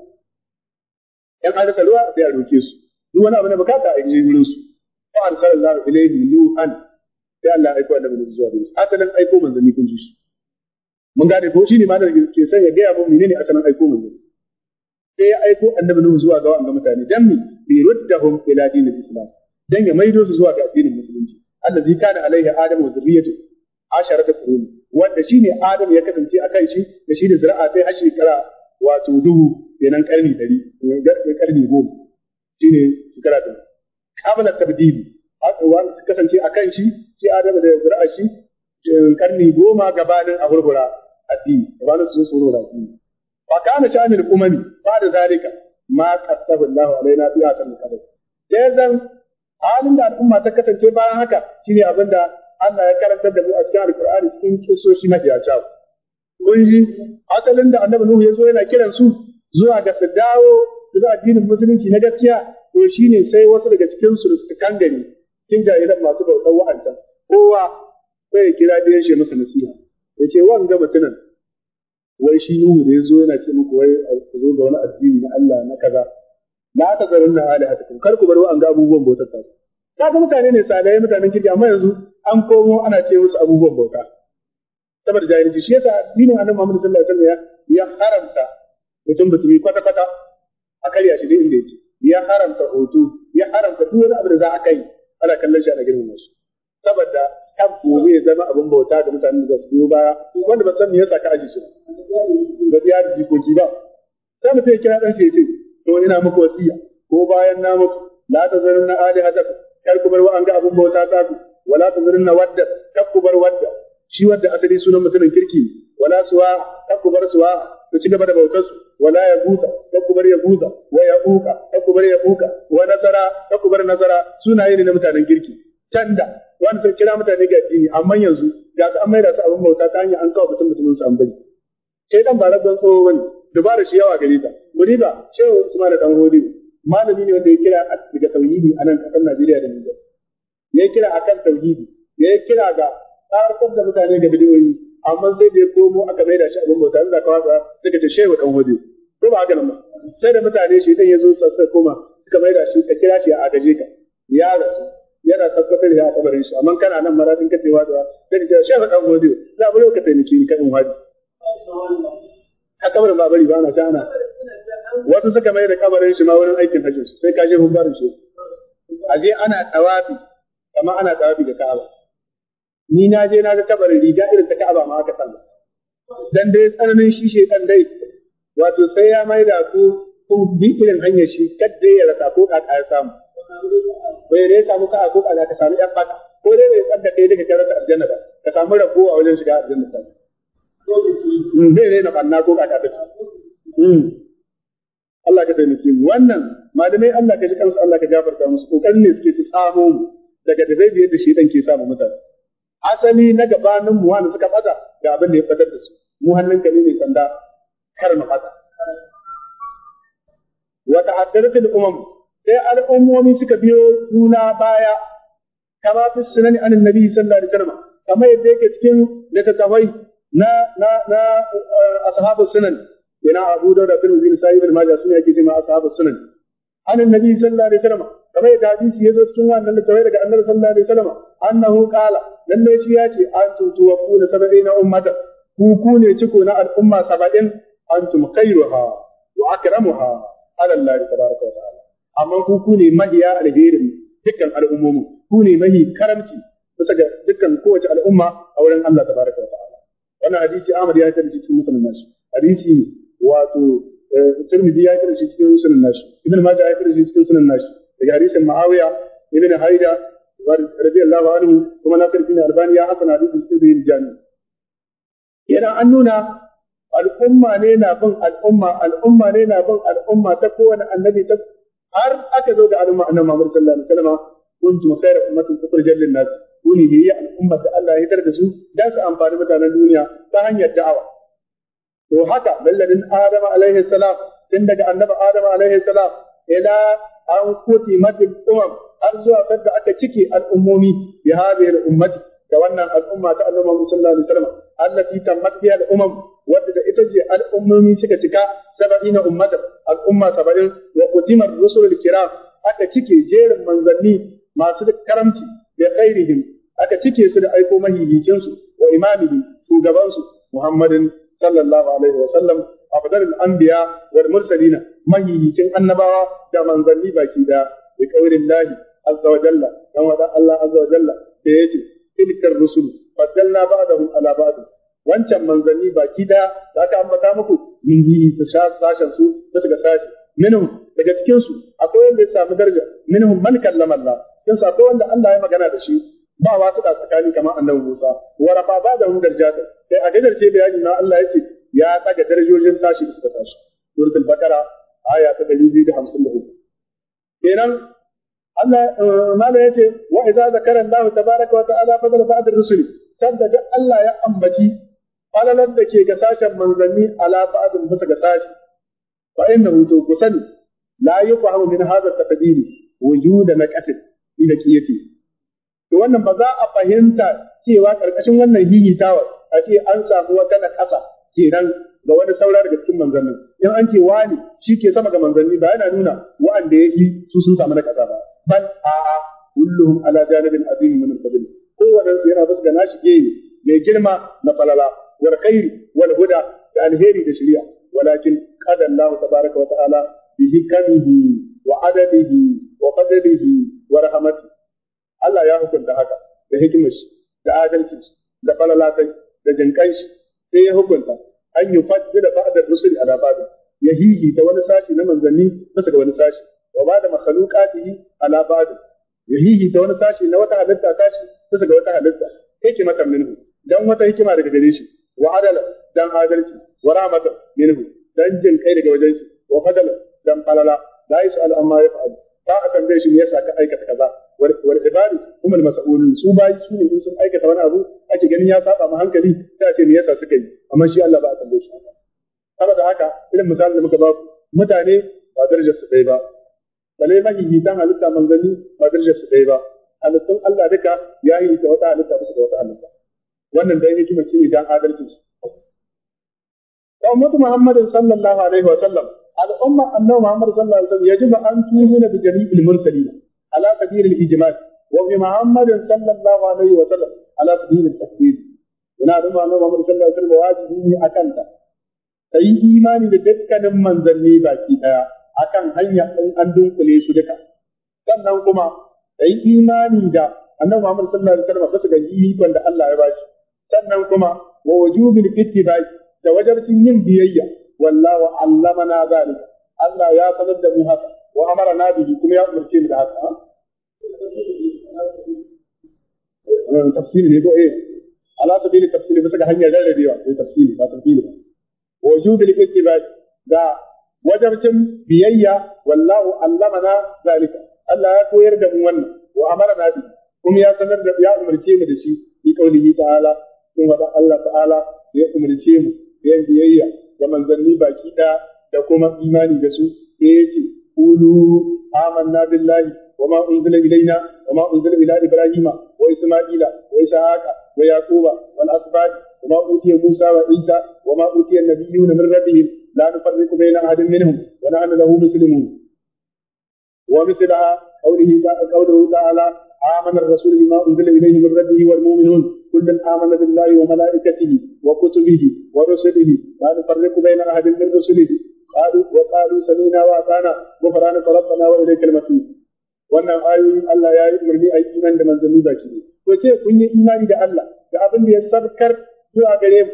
yan an rasa ruwa sai a roke su duk wani abu na bukata a yi wurin su fa arsalallahu ilayhi nuhan sai Allah aika annabi zuwa gare su asalin aiko manzanni kun ji shi mun gane ko shine malam ke sai ya gaya mu menene asalin aiko manzo sai ya aiko annabi nuhu zuwa ga wa'anga mutane dan mi bi ruddahum ila dinil islam dan ya maido su zuwa ga addinin musulunci allazi kana alaihi adamu wa zurriyatu asharata quruni wanda shine adamu ya kasance a kan shi da shi da zura'a sai har shekara wato duhu kenan karni ne eh, karni 10 shine shekara ta qabla tabdili a wanda kasance kan shi shi adamu da zura'a shi Eh, karni goma gabanin a hurhura addini gabanin su su hurhura addini fa kana shamil umami ba da zalika ma qaddaba Allahu alaina bi akan qadar sai zan halin da al'umma ta kasance bayan haka shine abinda Allah ya karanta da mu a cikin Alƙur'ani cikin kisoshi mafiya kun ji asalin da Annabi Nuhu ya zo yana kiran su zuwa ga su dawo su addinin musulunci na gaskiya to shine sai wasu daga cikin su suka kangare cikin jahilan masu bautar wa'ancan kowa sai ya kira da ya masa nasiha ya ce wanga mutumin wai shi Nuhu da ya zo yana ce muku wai ku zo ga wani addini na Allah na kaza la ta garin na hali haka kar ku bar ga abubuwan bautar ta ka ga mutane ne sadai mutanen kirki amma yanzu an komo ana ce musu abubuwan bauta saboda jahilci shi yasa addinin Annabi Muhammad sallallahu alaihi wasallam ya haramta mutum mutumi kwata kwata a karya shi dai inda yake ya haramta hoto ya haramta duk wani abu da za a kai ana kallon shi ana girmama shi saboda gobe ya zama abin bauta da mutanen da su ba, wanda ba san me yasa ka aji su ba biya da jikoki ba sai mutum ya kira dan shi ce to ina muku wasiya ko bayan na mutu la ali alihatakum kar ku bar wa'anga abin bauta ta ku wala na wadda kar ku bar wadda shi wadda asali sunan mutumin kirki wala suwa kar ku bar suwa ku ci gaba da bautar su wala ya guza kar ku bar ya guza wa ya uka kar ku bar ya uka wa nasara kar ku bar nasara sunaye ne na mutanen kirki Tanda, wanda sai kira mutane ga addini amma yanzu ga su an maida su abin bauta ta hanyar an kawo mutum mutumin su an bari sai dan ba rabban tsoho bane dubara shi yawa gare ta muriba shehu usman dan hodi malami ne wanda ya kira daga tauhidi a nan kasar Najeriya da Nijar ya kira akan tauhidi ya kira ga tsarkar da mutane ga bidiyoyi amma sai da ya komo aka maida shi abin bauta da ka wasa daga ta shehu dan hodi ko ba haka nan ba sai da mutane shi dan ya zo sassa koma suka maida shi ka kira shi a agaje ka ya rasu yana tabbatar da kabarin shi amma kana nan maradin ka ce wadawa sai ka shefa dan godiyo za a bari ka taimake ni kadin wadi a kabarin ba bari ba na ta wasu suka mai da kabarin shi ma wurin aikin hajji sai ka je hubbarin shi aje ana tawafi kamar ana tawafi da Ka'aba ni na je na ga kabarin riga irin ta Ka'aba ma aka sanda dan dai tsananin shi shekan dai wato sai ya da ku kun bi irin hanyar shi kadda ya rasa ko ka samu bai ne samu ka a ko ka samu yan baka? ko dai bai tsanda kai daga jarata aljanna ba ka samu rabuwa wajen shiga aljanna ta bai mm, ne na banna ko ka ta mm. Allah ka taimake mu wannan malamai Allah ka ji kansu Allah ka jabarta musu kokarin ne suke tsamo mu daga da zai biyar da shi dan ke samu mutane asali na gabanin mu wanda suka bada ga abin da ya fadar da su mu hannun ka ne mai sanda kar mu fada wata haddatul umam sai al'ummomi suka biyo juna baya kama fi sunan anin nabi sallallahu alaihi wasallam kama yadda yake cikin littattafai na na na eh, ashabu sunan yana abu da fil muzin sahib al majah sunan yake cewa ashabu sunan anin nabi sallallahu alaihi wasallam kama yadda hadisi yazo cikin wannan littattafai daga annabi sallallahu alaihi wasallam annahu qala lalle shi ya ce an antum tuwaffuna sab'ina ummatan ku ku ne ciko na al'umma saba'in antum khairuha wa akramuha ala Allah tabaraka wa ta'ala amma ku ku ne mahiya alherin dukkan al'ummomin ku ne mahi karamci bisa ga dukkan kowace al'umma a wurin Allah tabaraka wa ta'ala wannan hadisi Ahmad ya tarji cikin musulun nashi hadisi wato eh, Tirmidhi ya tarji cikin sunan nashi Ibn Majah ya tarji cikin sunan nashi daga hadisin Muawiya ibn Haida radiyallahu anhu kuma na tarji ne Albani ya hasana hadisin cikin sahih Jami yana an nuna al'umma ne na bin al'umma al'umma ne na bin al'umma ta kowane annabi ta har aka zo ga annabi Muhammad sallallahu alaihi wasallam kuntum khayra ummatin ukhrijat lin-nas kuni bi ya al'umma da Allah ya tarda su dan su amfani mutanen duniya ta hanyar da'awa to haka balladin Adam alaihi salam tun daga annabi Adam alaihi salam ila an kuti matil umam har zuwa da aka cike al'ummomi bi hadhihi al da wannan al'umma ta annabi Muhammad sallallahu Allah wasallam allati tammat biha al-umam wadda da ita ce al'ummomi suka cika saba'ina ummata al'umma saba'in wa qutimar rusul al aka cike jerin manzanni masu karamci da khairihim aka cike su da aiko mahihicin su wa imamihi shugaban su Muhammadin sallallahu alaihi wasallam afdalul anbiya wal mursalina mahihicin annabawa da manzanni baki da bi qaulillahi azza wa jalla dan wada Allah azza wa jalla da yake tilkar rusul faddalna ba'dahum ala ba'd wancan manzanni baki daya da aka ambata muku min yi sashen su da daga sashi minhum daga cikin su akwai wanda ya samu daraja minhum man kallama Allah cikin su akwai wanda Allah ya magana da shi ba wa su da tsakani kamar annabi Musa wa rafa ba'dahum darajatan sai a gadarce bayani na Allah yake ya tsaga darajojin sashi da suka tashi suratul baqara aya ta 254 kenan Allah eh, mala yace wa idza zakara Allah tabaaraka wa ta'ala fadala ba'd ar-rusuli tanda da Allah ya ambaci falalan da ke ga sashen manzanni ala ba'dun bisa ga sashi fa innahu to kusani la yufahamu min hadha at-taqdiri wujuda naqatin ila qiyati to wannan ba za a fahimta cewa karkashin wannan hihitawa a ce an samu wata nakasa kenan ga wani saura daga cikin manzannin in an ce wani shi ke sama ga manzanni ba yana nuna wa'anda ya yi su sun samu nakasa ba bal a'a kulluhum ala janibin azim min al-fadl kowanne yana bisa ga nashi gehe mai girma na falala wal wal huda da alheri da shari'a walakin Allah wa wa Allah ya hukunta haka da hikimar da adalcin shi da falalatai da jinkan sai ya hukunta an yi fadda da ba'da rusuli ala ba'da ya hihi ta wani sashi na manzanni bisa ga wani sashi wa ba da makhluqatihi ala ba'd yahihi ta wani sashi na wata halitta tashi bisa ga wata halitta hikmatan minhu dan wata hikima daga gare shi wa adala dan adalci wa rahmatan minhu dan jin kai daga wajen shi wa fadala dan falala la yas'al amma yaf'al ba a tambaye shi me yasa ka aikata kaza wal ibadu hum al mas'ulun su bai su ne sun aikata wani abu ake ganin ya saba ma hankali sai ce me yasa suka yi amma shi Allah ba a tambaye shi haka saboda haka irin misalin da muka ba mutane ba darajar su dai ba bale mahihitan halitta manzanni ba darajar su ɗaya ba halittun Allah duka ya yi ta wata halitta musu da wata halitta wannan dai hikimar shi idan adalci su ummatu Muhammadin sallallahu alaihi wa sallam al'umma annabi Muhammad sallallahu alaihi wa sallam yajibu an tuhina bi jami'il mursalin ala qadir al-ijma' wa bi Muhammadin sallallahu alaihi wa sallam ala qadir al-taqdir ina da annabi Muhammad sallallahu alaihi wa sallam wajibi ne akan ta kai imani da dukkanin manzanni baki daya akan hanya in an dunkule su duka sannan kuma da yi imani da annabi Muhammad sallallahu alaihi wasallam sai ga ikon da Allah ya ba shi sannan kuma wa wujubil ittiba'i da wajibin yin biyayya wallahu allamana zalika Allah ya sanar da mu haka wa amara na bihi kuma ya umarce mu da haka tafsiri ne ko eh ala sabili tafsiri bisa ga hanyar rarrabewa sai eh, tafsiri ba tafsiri ba wujubil ittiba'i da wajarcin biyayya wallahu allamana zalika Allah ya koyar da mu wannan wa na bi kuma ya sanar da ya umarce mu da shi bi kaulihi ta'ala sun wada Allah ta'ala ya umarce mu ya biyayya ga manzanni baki da da kuma imani da su sai ya ce qulu amanna billahi وما أنزل إلينا وما أنزل إلى إبراهيم وإسماعيل وإسحاق ويعقوب والأسباط وما أوتي موسى وعيسى وما أوتي النبيون من ربهم لا نفرق بين أحد منهم ونحن له مسلمون ومثلها قوله قوله تعالى آمن الرسول بما أنزل إليه من ربه والمؤمنون كل آمن بالله وملائكته وكتبه ورسله لا نفرق بين أحد من رسله قالوا وقالوا سمينا وأطعنا غفرانك ربنا وإليك المصير wannan ayoyin Allah ya yi umarni a yi iman da manzanni baki ne. To ce kun yi imani da Allah da abin da ya sabkar zuwa gare mu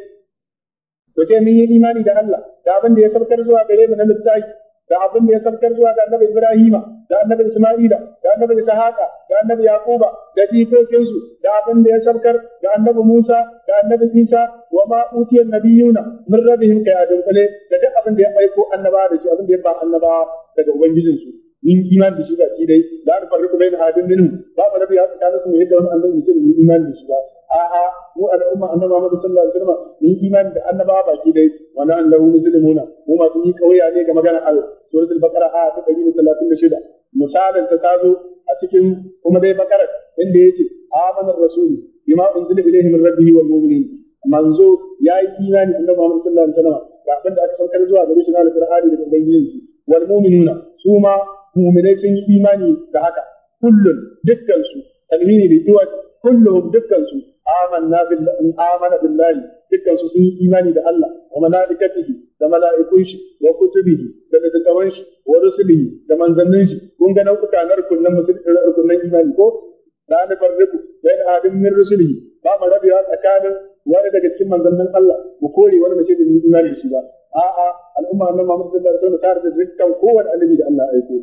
to dai mun yi imani da Allah da abin da ya sarkar zuwa gare mu na littafi da abin da ya sarkar zuwa ga annabi Ibrahima da annabi Isma'ila da annabi Ishaqa da annabi Yaquba da jikokinsu da abin da ya sarkar ga annabi Musa da annabi Isa wa ma utiya nabiyuna min rabbihim kayadun kale da duk abin da ya aiko annaba da shi abin da ya ba annaba daga ubangijinsu in iman da shi ba shi dai la nufarriqu baina ahadin minhum ba ba rabi ya tsakanin su ne da wani annabi ce mun iman da shi ba a a mu umma annabi Muhammad sallallahu alaihi wasallam mun iman da annabawa ba shi dai wala da muslimuna mu masu yi kauya ne ga magana maganar Allah suratul baqara a ta 136 misalin ta tazo a cikin kuma dai bakarar inda yake amanar rasulu bima unzila ilayhi min rabbihi wal mu'minin manzo yayi imani annabi Muhammad sun alaihi ma. da abinda aka saukar zuwa gare shi na alqur'ani da ubangiji wal mu'minuna su mu'minai sun yi imani da haka kullun dukkan su tanwini da iwat kulluhum dukkan su amanna billahi amana billahi dukkan su sun yi imani da Allah wa malaikatihi da mala'ikun shi wa kutubihi da littattafan shi wa rusulihi da manzannin shi kun ga nau'uka na rukunin musulmi rukunin imani ko la nufarriqu bain ahadin min rusulihi ba mu rabewa tsakanin wani daga cikin manzannin Allah mu kore wani mace da mun imani shi ba a'a al'umma annabi Muhammad sallallahu alaihi wasallam ta rubuta dukkan kowanne annabi da Allah ya aiko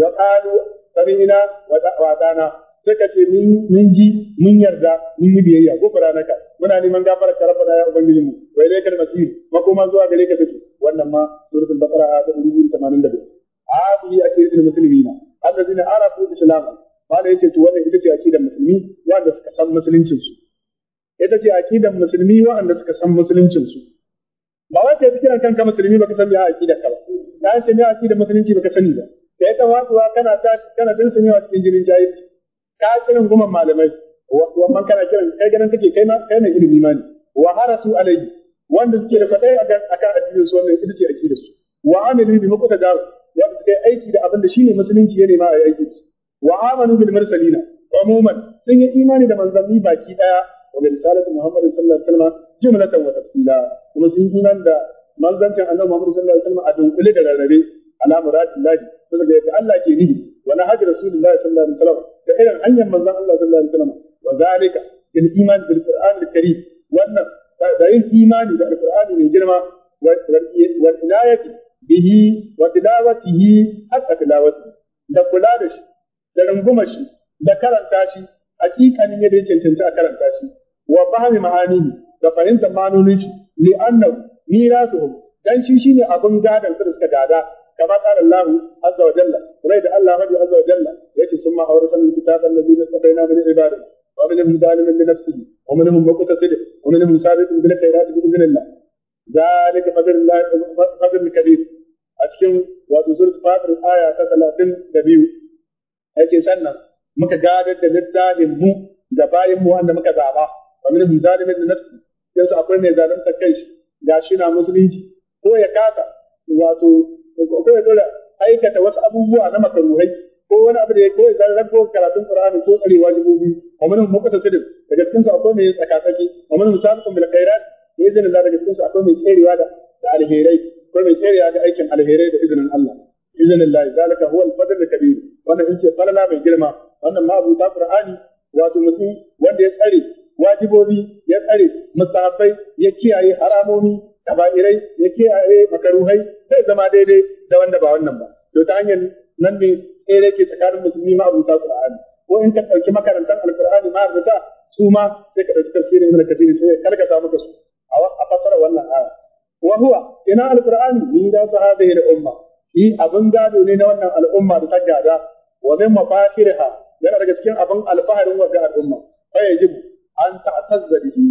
wa qalu sami'na wa ta'ana suka ce mun ji mun yarda mun yi biyayya faranaka muna neman gafara ka rabbana ya ubangiji mu wa ilaikal masir makoma zuwa gare ka take wannan ma suratul baqara ta 182 hadi akidul muslimina allazina arafu ba da yace to wannan ita ce akidar musulmi wanda suka san musuluncin su ita ce akidar musulmi wanda suka san musuluncin su ba wai kai kiran kanka musulmi baka san me akidar ka ba na ce me akidar musulunci baka sani ba da ya kamata kana tashi kana dinsumewa cikin jirin jahilci ka kiran kuma malamai wannan kana kiran kai ganin kake kai ma kai ne ilimi ma ne wa harasu alayhi wanda suke da kwadai akan addinin su wannan ita ce da su wa amilu bi mukuta garu wanda suke aiki da abin da shine musulunci ya nema a aiki wa amanu bil mursalina umuman sun yi imani da manzanni baki daya wa bi risalati muhammad sallallahu alaihi wasallam jumlatan wa tafsila kuma sun yi imani da manzancin annabi muhammad sallallahu alaihi wasallam a dunkule da rarrabe ala muradillahi bisa ga yadda Allah ke nihi wa na hajji rasulullahi sallallahu alaihi Salama? da irin hanyar manzon Allah sallallahu alaihi wasallam wa zalika bil iman bil qur'an al karim wannan da yin imani da alqur'ani mai girma wa inayati bihi wa tilawatihi hatta tilawati da kula da shi da runguma shi da karanta shi hakikanin yadda ya cancanta a karanta shi wa fahmi ma'anihi da fahimtar ma'anonin shi li'annahu mirasuhum dan shi shine abin gadan da suka gada كما قال الله عز وجل ريد الله رضي عز وجل يأتي ثم أورثنا الكتاب الذين استقينا من عبادنا ومنهم ظالم لنفسه ومنهم مقتصد ومنهم سابق بالخيرات بإذن الله ذلك فضل الله فضل كبير أتكلم وتزور فاطر الآية 32 yake sannan muka gadar da littafin mu da bayan mu wanda muka zaba wa min zalimin li nafsi sai su akwai mai zalunta kai shi ga shi na musulunci ko ya kasa wato ko ya dora aikata wasu abubuwa na makaruhai ko wani abu da ya koyi zan ko karatun Qur'ani ko tsare wajibobi wa minhum muqta sidq daga cikin su akwai mai tsakatsaki wa minhum sabiqun bil khairat da izinin Allah daga cikin su akwai mai tserewa da alherai ko mai tserewa da aikin alherai da izinin Allah izinin Allah zalika huwa al-fadl al-kabir wannan in ce falala mai girma wannan ma abu ta Qur'ani wato mutum wanda ya tsare wajibobi ya tsare musahabbai ya kiyaye haramomi kaba'irai ya kiyaye makaruhai zai zama daidai da wanda ba wannan ba to ta hanyar nan ne tsere ke tsakanin musulmi ma abuta qur'ani ko in ka dauki makarantar Alkur'ani ma abuta su ma sai ka dauki tafsirin ibn kathir sai ka karkata maka su a fasara wannan aya wa huwa ina Alkur'ani? ni da sahabihi da umma Ni abin gado ne na wannan al'umma da ta gada wa min mafakirha yana daga cikin abin alfaharin wa ga al'umma fa yajibu an ta'tazza bihi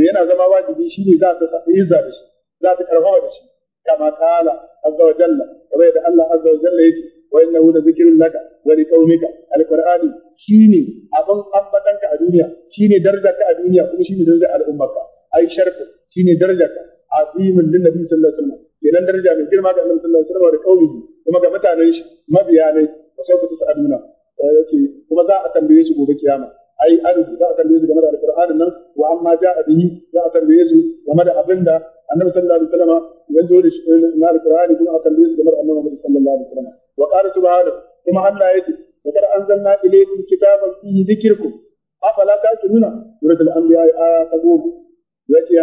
to yana zama wajibi shi ne za ta ta'izza da shi za ta karfafa da shi kama ta'ala azza wa jalla kamar yadda Allah azza wa jalla yake wa innahu la zikrun laka wa liqaumika alqur'ani shine abin ambatanka a duniya shine darajarka a duniya kuma shine darajar al'ummarka ai sharfu shine darajarka azimin lin nabi sallallahu alaihi wasallam kenan daraja mai girma ga annabi sallallahu alaihi wasallam da kaumihi kuma ga mutanen shi mabiya ne wa sauka tusaduna yace kuma za a tambaye su gobe kiyama ai an za a tambaye su game da alqur'anin nan wa amma ja'a bihi za a tambaye yesu game da abinda annabi sallallahu alaihi wasallam ya zo da shi na Alƙur'ani kuma a tambaye su game da annabi sallallahu alaihi wasallam wa qala subhanahu kuma Allah ya ce لقد أنزلنا إليكم كتابا فيه ذكركم أفلا تأكلون سورة الأنبياء آية تقول يأتي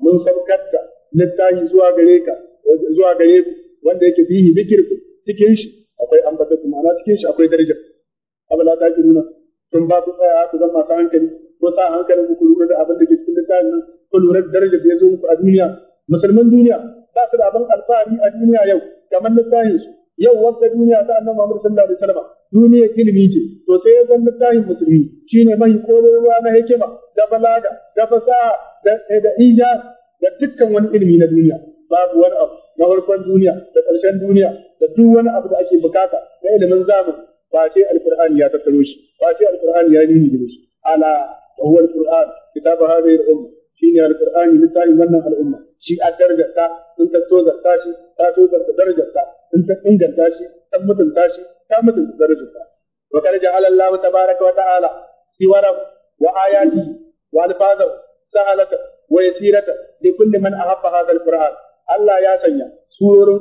mun من سبكتك littafi zuwa gare ka zuwa gare ku wanda yake fihi bikirku cikin shi akwai ambata kuma na cikin shi akwai daraja abala ta ki nuna tun ba ku tsaya ku zama masu hankali ko sa hankalin ku lura da abin da ke cikin littafin nan ku lura da darajar da ya zo muku a duniya musulman duniya ba su da abin alfahari a duniya yau kamar littafin su yau wanda duniya ta annabi Muhammad sallallahu alaihi wasallam duniya ilimi ce to sai ya zama littafin musulmi shine mai koyarwa na hikima da balaga da fasaha da ija da dukkan wani ilimi na duniya babu wani abu na farkon duniya da ƙarshen duniya da duk wani abu da ake bukata na ilimin zamani ba sai alkur'ani ya tattaro shi ba shi alqur'ani ya nuni gare shi ala wa huwa alqur'an kitabu hadhihi al-umma littafin wannan al'umma shi a darajarta in ka so zarta shi ta so zarta darajarta in inganta shi ta mutunta shi ta mutunta darajarta wa qad ja'ala Allah tabaaraka wa ta'ala siwaran wa ayati wa alfazan wa yasiratan Allah ya sanya surorin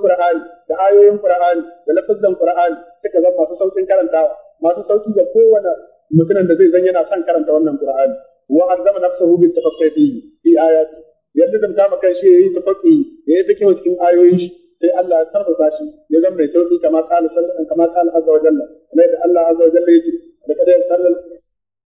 da ayoyin Qur'ani da lafazan Qur'ani suka zama masu saukin karantawa masu sauki ga kowane mutumin da zai zan yana son karanta wannan Qur'ani wa azzama nafsuhu bil tafaqquhi fi ayati yadda da mutum kan shi yayi tafaqquhi yayi fikihu cikin ayoyi. sai Allah ya sarrafa shi ya zama mai sauki kamar qala sallallahu kamar qala azza wa jalla kamar da Allah azza wa jalla yake da kada ya sarrafa